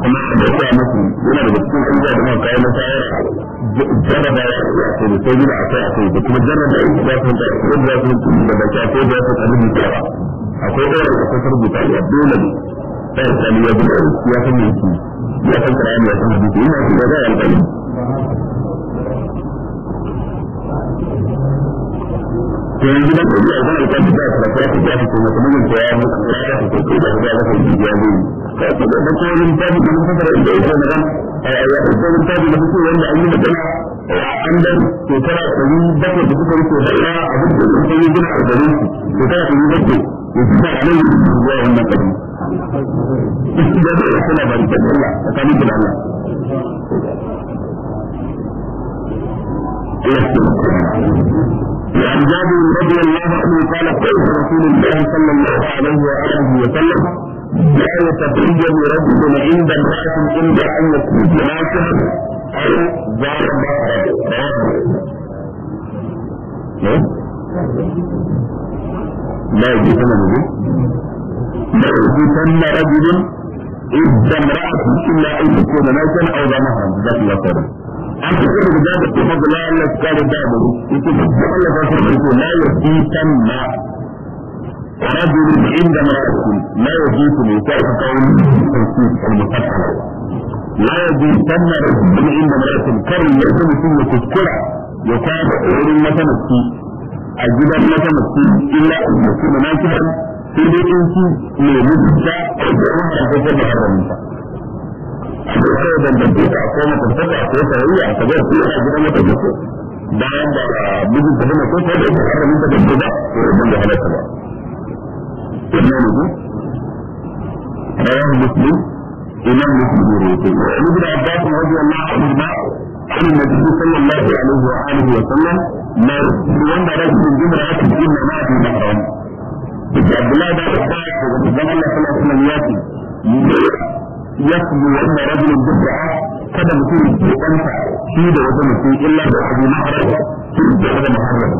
kuma da ta musu yana daga cikin da maka jarraba ya ce da sai a kai da kuma jarraba ya ce za su da ko da su da da su akwai kasar a dole ne sai da ya ji ya san me yake ya san Qur'ani ya san hadisi ina shi da zai alƙali to yanzu da kuma ya zama kan da ta fara ta ji kuma kuma mun ya mu ta ta ta ko da ya ga shi ya ji ta ta da ko mun ta mun ta da ya ga nan ai ai ya ta mun ta da ko wanda an yi magana an da shekara 700 da suka rike da abin da suka yi gina a garin su shekara 700 يفتح عليه جاه النبي استجابة السنة بارك الله تقاليد العلم وعن جابر رضي الله عنه قال قلت رسول الله صلى الله عليه وآله وسلم لا يتبين رجل عند الناس إلا أن يكون ناسا أو ضرب لا يجوز أنا نجم لا يجوزن رجل إذا امرأة إلا أن تكون ميتا أو دمها جزاك الله خيرا أن تكون لك الحفظ لا يسكال الدابر يقول الله فاسر يقول لا لك رجل عند امرأة لا يجوزن يسال قول التوسيط المفتح لا يجوزن رجل عند امرأة كرم يكون فيه تذكرة يكاد عين مثلا a gidan mata mutum illa a mutum da na kiran sai dai in ci mai mutunta a gidan mata ko ta bayar da mutunta. Akwai kawai bambance ta akwai mutuntaka akwai tarayya a kabar su a gidan mata da su. Bayan da mijin ta bane ko ta da ita har mutunta da su ba ko da da halatta ba. Ina ne ku? Rawan Muslim, Imam Muslim ne rufe. Wani gida Abbas Rabi Allah Ahmad ba, عن النبي صلى الله عليه وآله وسلم ما وان رجل عبد الله بن عباس وقال الله صلى الله عليه وسلم ياتي يتلو ان رجل بالدعاء kada mutum ya kwanta shi da wata mutum illa da abu na harawa shi da wata muharram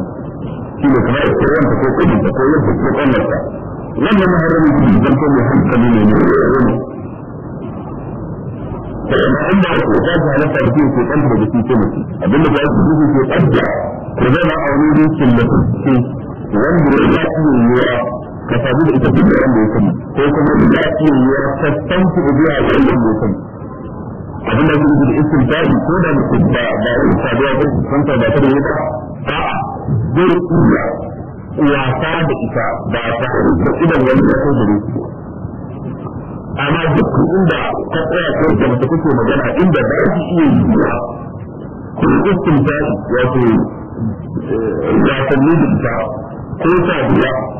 shi ne kamar ko wanda ko kudi da ko yadda ko kwanta wannan muharram shi ne zan kuma hankali ne ne ne da kuma inda ko ta ta halatta da ke ko kwanta da shi ke mutum abinda ba su duhu ko kwanta ko zama a wani rikin da ke wanda ya yi yiwuwa ka sadu da ita duk da wanda ya sani ko kuma da iya yiwa ta da biya da wanda ya sani abin da yake da istimta'i ko da mutum ba da wani saduwa ko kusanta ta da yi ba a'a zai iya wasa da ita ba ta da idan wani ya kai gare shi amma duk inda ka tsaya ko da mutum kuke magana inda ba shi iya yi ba ko istimta'i wato wasanni da ita ko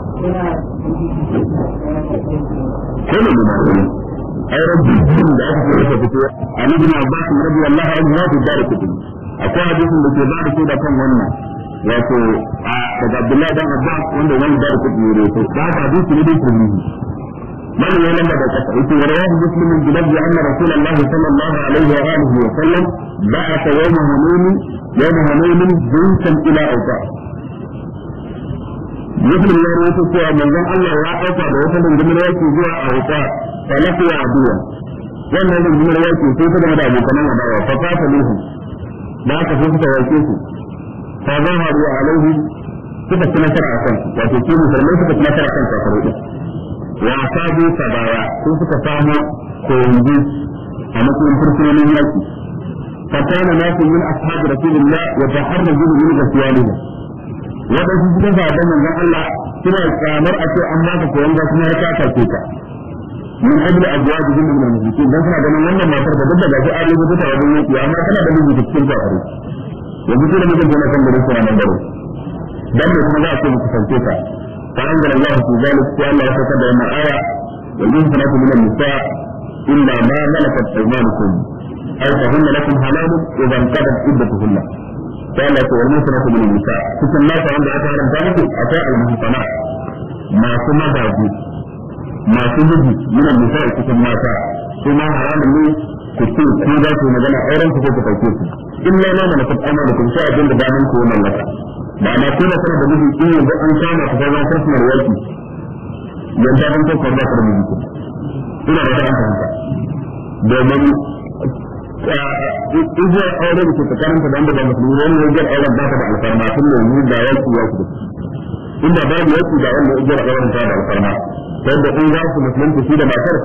كل المنافقين أي رب الدين ده أكثر رفع فتوى عن ابن عباس رضي الله عنه في دار كتب أكوى حديث اللي في دار كده وانا wato a daga Abdullahi dan Abbas wanda wani da ku yore to ba ta hadisi ne dai kuma bal ya lamba da kasa yake rawahu muslim bin bilal anna rasulullah sallallahu alaihi wa wa sallam ba'a yawma ila auta muslim ya rawaito cewa manzon Allah ya aika da wata rundunar yaki zuwa a wuta fa lafiya aduwa wannan rundunar yaki sai ta gama da abokanan adawa fa fata minhum da aka fi suka yake su fa zaharu alaihi suka ci nasara a kansu wato su musulmai suka ci nasara a kansu a karo wa sabu sabaya sun suka samu kowanne a matsayin fursunonin yaki fa kana nasu min ashabi rasulillah wa jaharna bihi min ghasyanihim waɗansu cikin sahabban manzon Allah suna tsamar a ce an baka koyon ga kuma ya ta karfe ka min ajli azwajihim min al-mushrikin dan suna ganin wannan matar da dabba gashi an rubuta ta wajen yaki amma tana da miji cikin kafare yanzu kila mijin da kan da suna nan dare dan ne kuma za a ce muku sauke ta fa anzala Allah fi zalik wa Allah ya saka da wannan aya wa yunfatu min an-nisa illa ma malakat aymanukum aw fa hunna lakum halalun idan qadat iddatuhunna ta Allah ce wani mutum kuma nisa cikin nasa wanda aka haramta muku akwai al-muhsana masu mazaji masu miji yana nisa cikin mata kuma haramun ne ku ce ku za ku magana auren ku ko ku ɗauke su in na na mana kuma amma da ku sai abin da daman ku mallaka ba sanar da miji in ba an kama ku zama kasuwar da ku da miji ina da domin igiyar aure da ke tsakanin ta da wanda ba musulmi wani igiyar aure ba ta da alfarma tun da yanzu da yaki yaki da inda babu yaki da wannan igiyar aure ta da alfarma sai da in za su musulunci shi da matar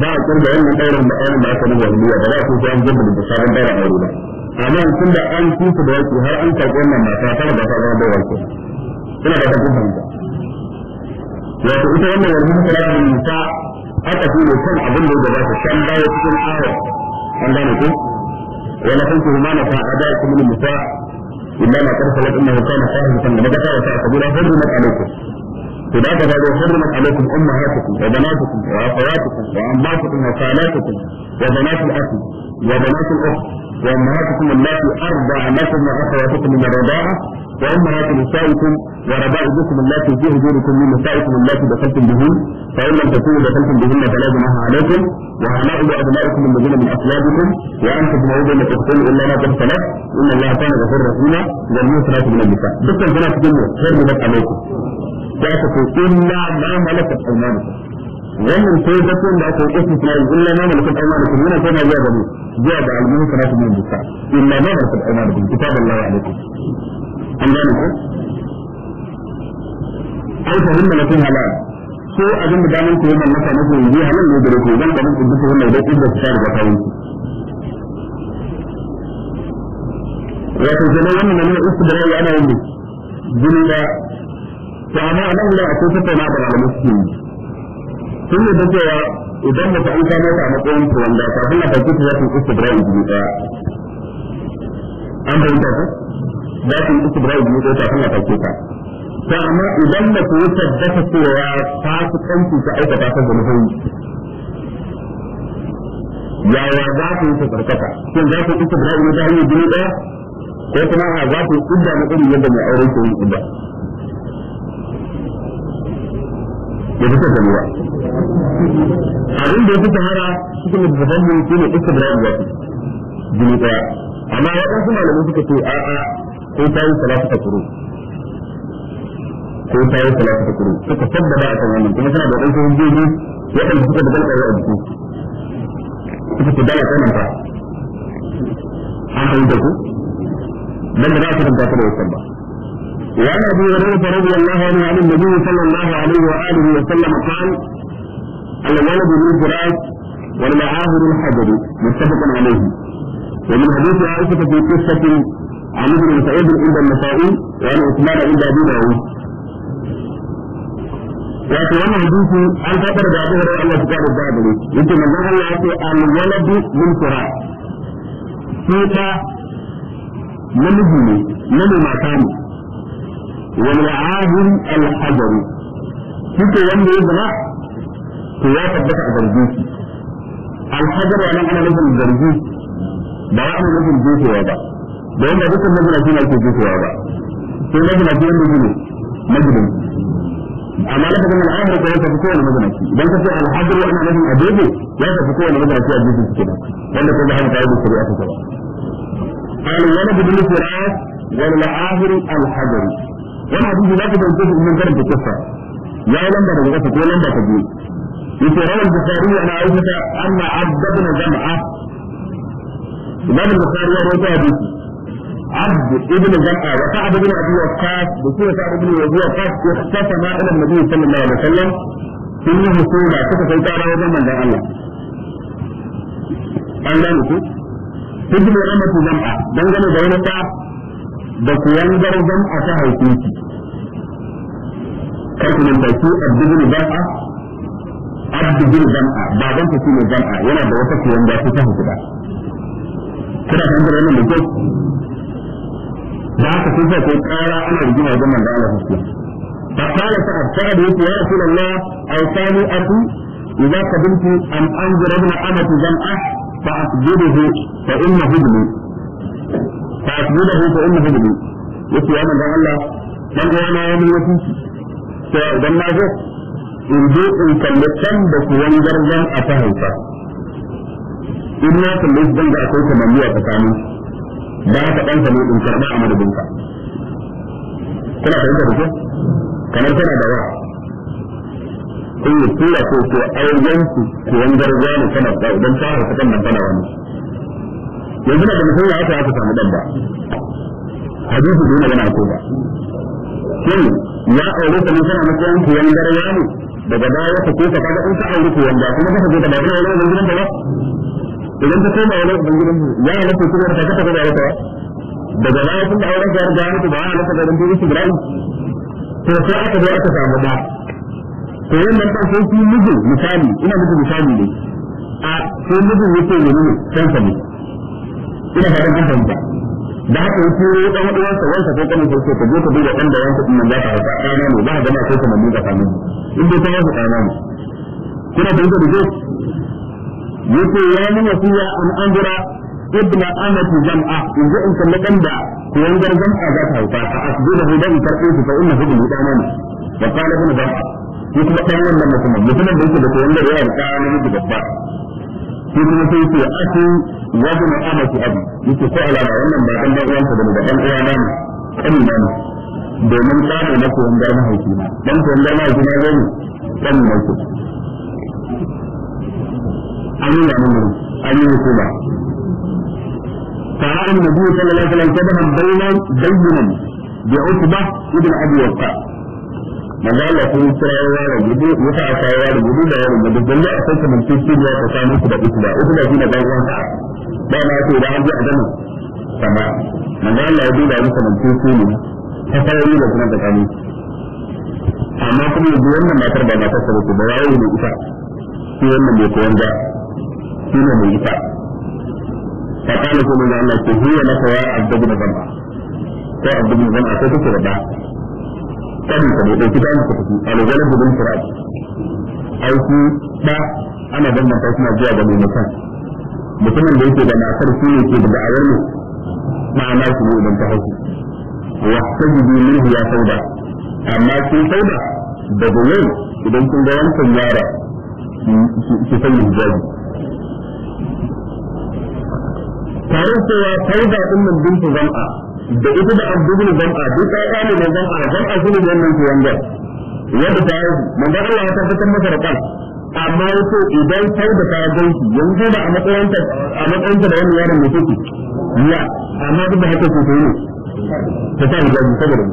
ba a kirga wannan ɗaurin da aure da aka nuna waliya ba za su sai an jirgin da sabon ɗaurin aure ba amma tun da an kusa da yaki har an karɓi wannan mata ta da ta zama da yaki ina da ta kuma wato ita wannan yanzu ta da ta aka fi ne kan abin da ya gabata shan baya cikin ayar an gane ku wala kuntu ma na fa'ada kum min nisa illa ma qad salat innahu kana fahimatan da daga wa ta'abura hurmat alaikum to da kaza da hurmat alaikum ummahatukum wa banatukum wa akhawatukum wa ammatukum wa khalatukum wa banat al-akh wa banat al-ukh wa ummahatukum allati arda'a lakum wa akhawatukum min ar-rida'a وأمهات نسائكم وربائبكم اللاتي في حجوركم من نسائكم التي دخلتم بهن فإن لم تكونوا دخلتم بهن فلا جناح عليكم وهؤلاء أبنائكم الذين من أصلابكم وأن تجمعوا بين تقتلوا إلا ما قد لك إن الله كان غفورا رحيما والمسرات من النساء بس دكتور البنات جميع حرمت عليكم لا تقول إلا ما ملكت أيمانكم ومن سيدكم لا kun da aka yi kisa na illa ma malakat aymanukum yana kai na zuwa gani إلا ما ملكت أيمانكم كتاب الله عليكم. an gane ko ai fa hunna lakum halal ko abin da damun ku yana maka na koyi ne halal ne da ku dan da duka wannan da inda ku fara da kawai wato wani wannan ne uku da ya ana yin jini da to amma a nan wurin akwai tattauna da malamai suke yi sun yi don cewa idan mutum an kamo ta a matsayin ku wanda kafin na farko ta yakin uku da ya yi jini an bayyana ta za su yi istibra'i biyu ko kafin a farke ka to amma idan da ku tabbata cewa fasikanci ta aikata ta zunubin yaya za ku yi ta farkata shin za ku yi istibra'i ne ta hanyar biyu ɗaya ko kuma a za ku yi idda na irin yadda mai aure ke yin idda ya fi ta gamuwa abin da ya fi tahara cikin da zafan mu shi ne istibra'i ya fi biyu ɗaya amma waɗansu malamai suka ce a'a ko ta yi salatu ta kuru ko ta yi salatu ta kuru suka sabbada a kan wannan kuma suna da ɗan sauran jirgi waɗanda suka da balƙawa a jiki suka ce dala kanan fa an fahimta ku dan da za su kanta ta da wasan ba وعن ابي هريره رضي الله عنه عن النبي صلى الله عليه واله وسلم قال الولد من فراش والمعاهر الحجر متفق عليه ومن حديث عائشه في قصه علي بن سعيد عند النسائي وعن عثمان عند ابي داوود wato wannan hadisi an faɗar da abu da Allah ta da gare yake manzon Allah Yake al waladu min qura shi ta namiji ne nan mata ne wal wa'adun al hajar kike wanda ya zama to ya tabbata a zargi al hajar wannan ana nufin zargi ba ana nufin dukewa ba da wanda dukkan mazinaci na ke jefewa ba sai mazinaci wanda gine magidan amma na fadin al'ahar ko ya tafi kowane shi. idan ka ce al'adar ana nufin a jefe ya tafi kowane shi a jefe suke nan wanda ko ba hana kayan da shari'a ta gaba alwala da bin firas wal la'ahir al'adar wani hadisi za ka shi in karanta kissa ya yi lamba daga kasa ko lamba ta biyu yace rawal bukhari ana aisha anna abdabna jam'a imam bukhari ya rawaita hadisi عبد ابن زكاة وسعد بن أبي وقاص بسوء سعد بن أبي وقاص اختصم إلى النبي صلى الله عليه وسلم في حصولة كتب تعالى وزمن ذا الله an gane ku ibn amat zam'a dan gane da wani ta da ku yangar zam'a ta haife ki kar ku nan baki abdul zam'a abdul zam'a ne zam'a yana da wata ku yanga ta haife da kira kan da wannan da haka sun sa kai kara ana rigima wajen manzo Allah sallallahu alaihi فقال فأبتعد يا رسول الله أوصاني أبي إذا قدمت أن أنظر ابن أمة جمعة فأسجده فإنه ابني فأسجده فإنه ابني يقول يا من الله من هو أنا يوم الوسيس فإذا ما جاء in je in kalli kan da ku wani garzan a ta haifa in na kalli zan ga akwai kamanni a tsakanin Ba haka dan sa ne in karba a madadin ka kana fahimta da ko kamar tana da wa kun yi tura ko ko ayyanku ko wangar gani kana da idan ta harfa kan nan kana wani yanzu na da mutum ya haka aka samu dan ba hadisi ne magana ko ba shin ya aure ta kana mutum ko wangar gani daga baya ka ko ka kaga in ka aure ko wanda kuma ka ga da ba ne wannan gidan da ba idan ta koma wani ubangijin mu ya halatta kuma ta kafa ta da daga baya tun da auren ka ya mutu ba halatta da rubutu su birayi to sai aka zo aka samu ba to wannan ba sai shi miji misali ina miji misali ne a sai miji yake ne ne kansa ne ina fara kan fahimta da haka yake yi dan uwansa wanda ko kan sai ka je ka duba dan da wanda din za ka haifa kana ne ba ga ma sai ka mamu ga kana in dai ka haifa kana ne kuna da ita da yake ya yi wasiya an andura ibn amatu jam'a in ji in kalli dan da kuyangar jam'a za ta haifa a asbiru hudan in karɓe su fa inna hudu bi dana ne da qala ibn ba shi kuma dan wannan mutumin mutumin da yake da kuyangar ya rika ne da babba shi kuma sai ce aki wa ibn amatu abi yake ko alama wannan ba dan uwan ka bane da dan uwa na ne kani na ne domin ne na kuyangar mahaifina dan kuyangar mahaifina zai na ne an yi yanin mu an yi hukuma fara an nabi sallallahu alaihi wasallam sabahan bainan bayyinan bi utba ibn abi waqqas ka. Allah sun kira ya da gudu ya ta aka da gudu da ya da gudu dan a san kamar cikin ya ta samu da utba utba shine dan uwan sa ba na ce da an ji adamu sama manzo Allah ya duba masa kamar ne, ta sarari da kuma tsakanin amma kuma yanzu wannan matar ba matar sa ba ce ba yayi ne ita shi wannan bai koyan ba shine mai ita fa kana ko manzo Allah ce hiya laka ya abdu bin zam'a ko abdu bin zam'a ko take da ba kadin ka ne da kidan ka tafi alwalad bin firaj aiki Ba, ana bambanta suna zuwa ga mai mutum mutumin da yake da matar shi ne ke da da'awar ne ma'ana shi ne idan ta haihu wa tajidu minhu ya sauda amma sun sauda daga yau idan kun ga wancan yara ki sanya hijabi tare cewa fauda din nan bintu zan'a da ita da abdul zan'a duk ya ne da zan'a zam'a shine da wannan kuwanda yadda ta yi manzo Allah ya tabbatar masa da kansa amma yace idan da ta shi yanzu da a matsayin ta a matsayin ta da wannan yaron mutum ya amma duk da haka ko to ne ta ta yi gaji saboda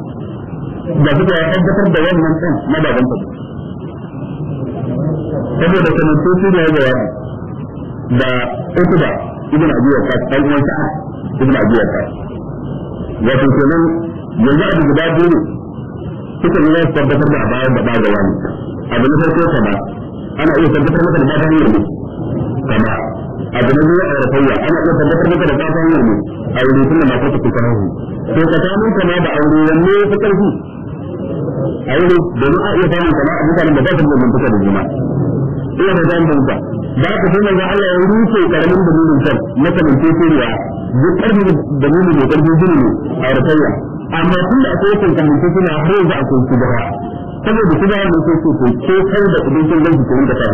da duk ya tabbatar da wannan din madaban ta saboda kamar su da ya da ita ba ibn abi waqas dan uwansa ibn abi waqas wato kenan yanzu abu guda biyu suka ne su tabbatar da bayan da baga wani abu na farko kama ana iya tabbatar maka da bayan ne kama abu na biyu a rafayya ana iya tabbatar maka da bayan ne a wuri tun da masu kuka rahu to ka samu kama da aure wanne ya fi karfi ne domin a iya samun kama a mutanen da ba su da mantuka da juna ina da zan dinka da ka san manzo Allah ya rufe karamin dalilin kan na kamin tekeriya duk karfin dalilin da karfin jini ne a rayuwa amma tun da akwai kan kamin na har yanzu akwai su da saboda su da ne sai su ko ko kai da kudin sun ganki ko rinka ta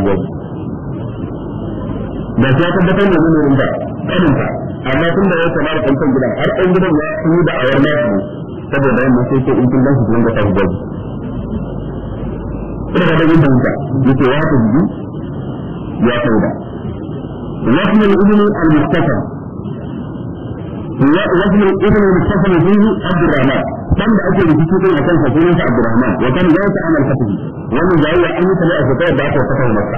da ta tabbatar da mun rinka kaminta amma tun da ya samar kan kan gidan har kan gidan ya yi da awar nasu saboda mun sai ko in kun ganki ko da ta ruwa ina da gidan ka yake wato يا سيدة وزن الابن المختصر وزن الابن المختصر فيه عبد الرحمن كان ده أجل في كتير أكل فكيرين عبد الرحمن وكان جاية عن الفتح ومن جاية عن سبع فتاة بعد وفتح مكة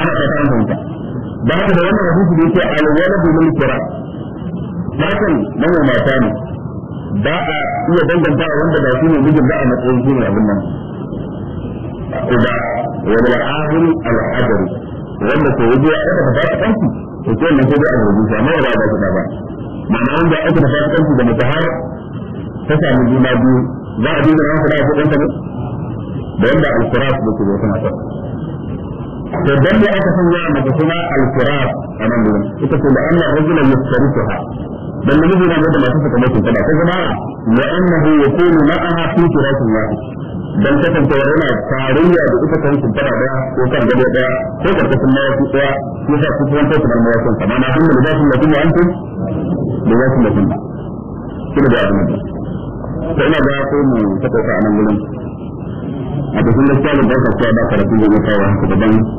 أنا أتعلم فهمت بعد ده الحديث حديث على الولد من الكراء لكن من ما كان باع هي iya danganta wanda ba shi ne mijin ba a matsayin shi ne uba wani al'ahun al'adari wanda ko wajen ya aka fata kanki to ke nan sai an rubuta amma ba ba ta ba ma'ana wanda aka fata kanki da mutahar ta samu juna biyu za a duba ranka da aka danta ne da yanda al-sirat da ke wata mata to dan da aka sanya mata suna al-sirat a nan gurin ita ce da Allah rajula yusarikuha dan namiji yana da matarsa kamar sun kada ko kuma wa annahu yakunu ma'aha fi firashin wahid dan kasance wa yana tarayya da ita kan sun kada daya ko kan gado daya ko karkashin mayafi daya ko da su kuma kuma mayafin sa mana hannu da zasu lafiya antum da zasu lafiya kuma da abin da to ina ga ko mu ta a nan gurin a cikin gaskiya da barka ta da karatu da kawo haka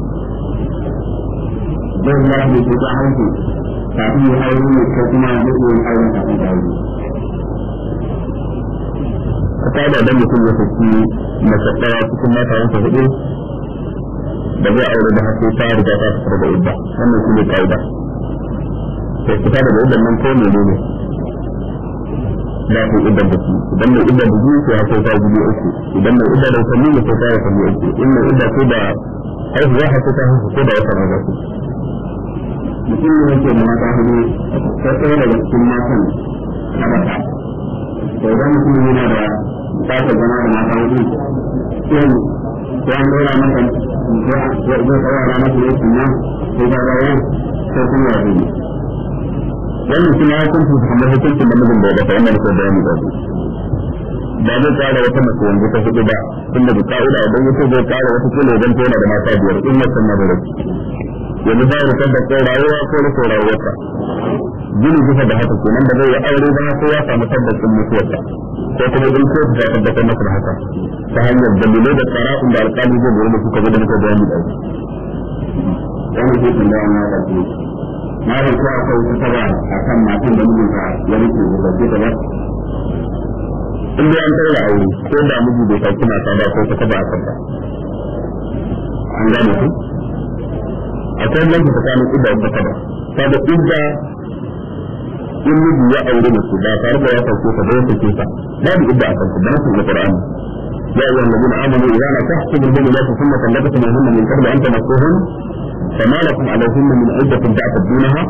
bai Allah da ke ta hanku kafin ya ne kada dan mutum ya saki mace ɗaya cikin mata yanka hudu da zai aure da hasu ta riga ta fitar da idda wannan shi ne ƙa'ida sai daga iddan nan ko ne ne za ku idda da su idan mai idda da biyu sai hasu ta biyu uku idan mai idda da watanni ne sai ta watanni uku in mai idda ko da haihuwa hasu ta haihu ko da wata rana mutum ne yake da mata hudu ta tsaye daga cikin matan a bata to idan mutum yana da sake zama da mata hudu sai ko an dora masa zai tsawara masa ne kuma sai ga bayan sai kuma ya zai wani mutum ya kuntu kamar hukuncin da mijin bai bata yana da kai bayani ba ba zai kara wata mace yanzu ta hudu ba tunda da ka'ida idan mutum zai kara wata kilo don tona da mata biyar in mace na da rasu yanzu ba ya tabbata ko rayuwa ko rikon rayuwarsa gini bisa da haka kenan da zai yi aure ba ko ya samu tabbacin mutuwarsa ko kuma in ko ta tabbatar masa da haka ta hanyar dalilai da tsara'in da alƙali zai gori da suka gudu muka bayani mu shi wani ke tambaya na da ke na da ko akwai ta taba a kan matan da mijinta ya rike da ke ta ba in dai an da aure ko da miji bai ɗauki mata ba ko ta taba a kanta an gane ku akwai nan tsakanin idda da kada kada idda in miji ya aure mace ba tare da ya sauke ta ba ya sauke ta babu idda a kanku ba su da qur'ani ya ayyuhan nabiyyu amanu idza nakahtum al-mu'minat thumma talaqtumuhunna min qabli an tamassuhun فما لكم عليهن من عدة تعتدونها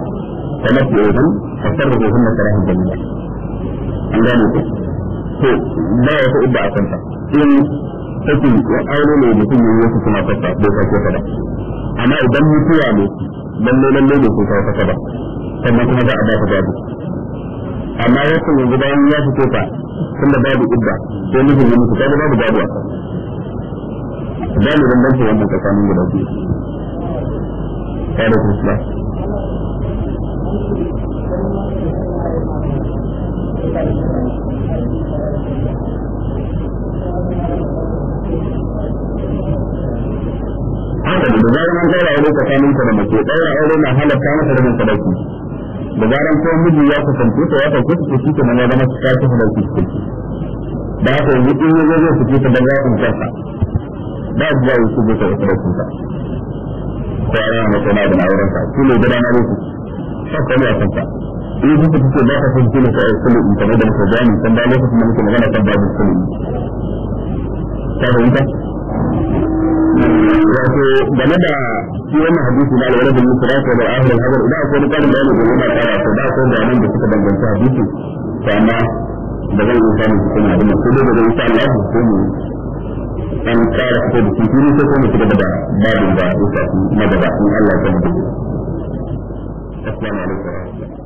فمتعوهن فسرهوهن سراحا جميلا. an gane ku to ba wata idda a kanta in take ya aure ne mutum ya yi wasu kuma fasa bai sauke ta ba amma idan mutuwa ne lalle lalle ne ko kawo kasa ba sannan kuma za a ba ta babu amma yakan yanzu bayan ya fito fa tunda babu idda sai mijin ya mutu kada babu babu a kan ba mu bambanta wannan tsakanin guda biyu kada kuma Thank you. haka da zaran an daura aure tsakanin ka da mace daura aure na halatta masa da sadaki da zaran ko miji ya kusance ta ya dauke ta shi ke nan ya zama ta ta sadaki da haka yanzu in ya zo zai fice da zaɓin kansa ba su za su zo ta da sadakin ko a yana mace na da auren ta shi ne gudan aure ku haka ne a kanta in kuka fice ba ka san shi ne ka aiki ne in kamar da muka gani kan da lokacin da muke magana kan babu sulhu ta fahimta wato game da wannan hadisi na alwala bin musa ko da ahlul hadar da akwai karin bayani da yana fara to da akwai bayanan da suka danganci hadisi amma da zan yi samun cikin abin da sai da insha Allah ko mu an kara fito da shi ne sai kuma shiga da babin da ya shafi na gaba in Allah ya tabbata assalamu alaikum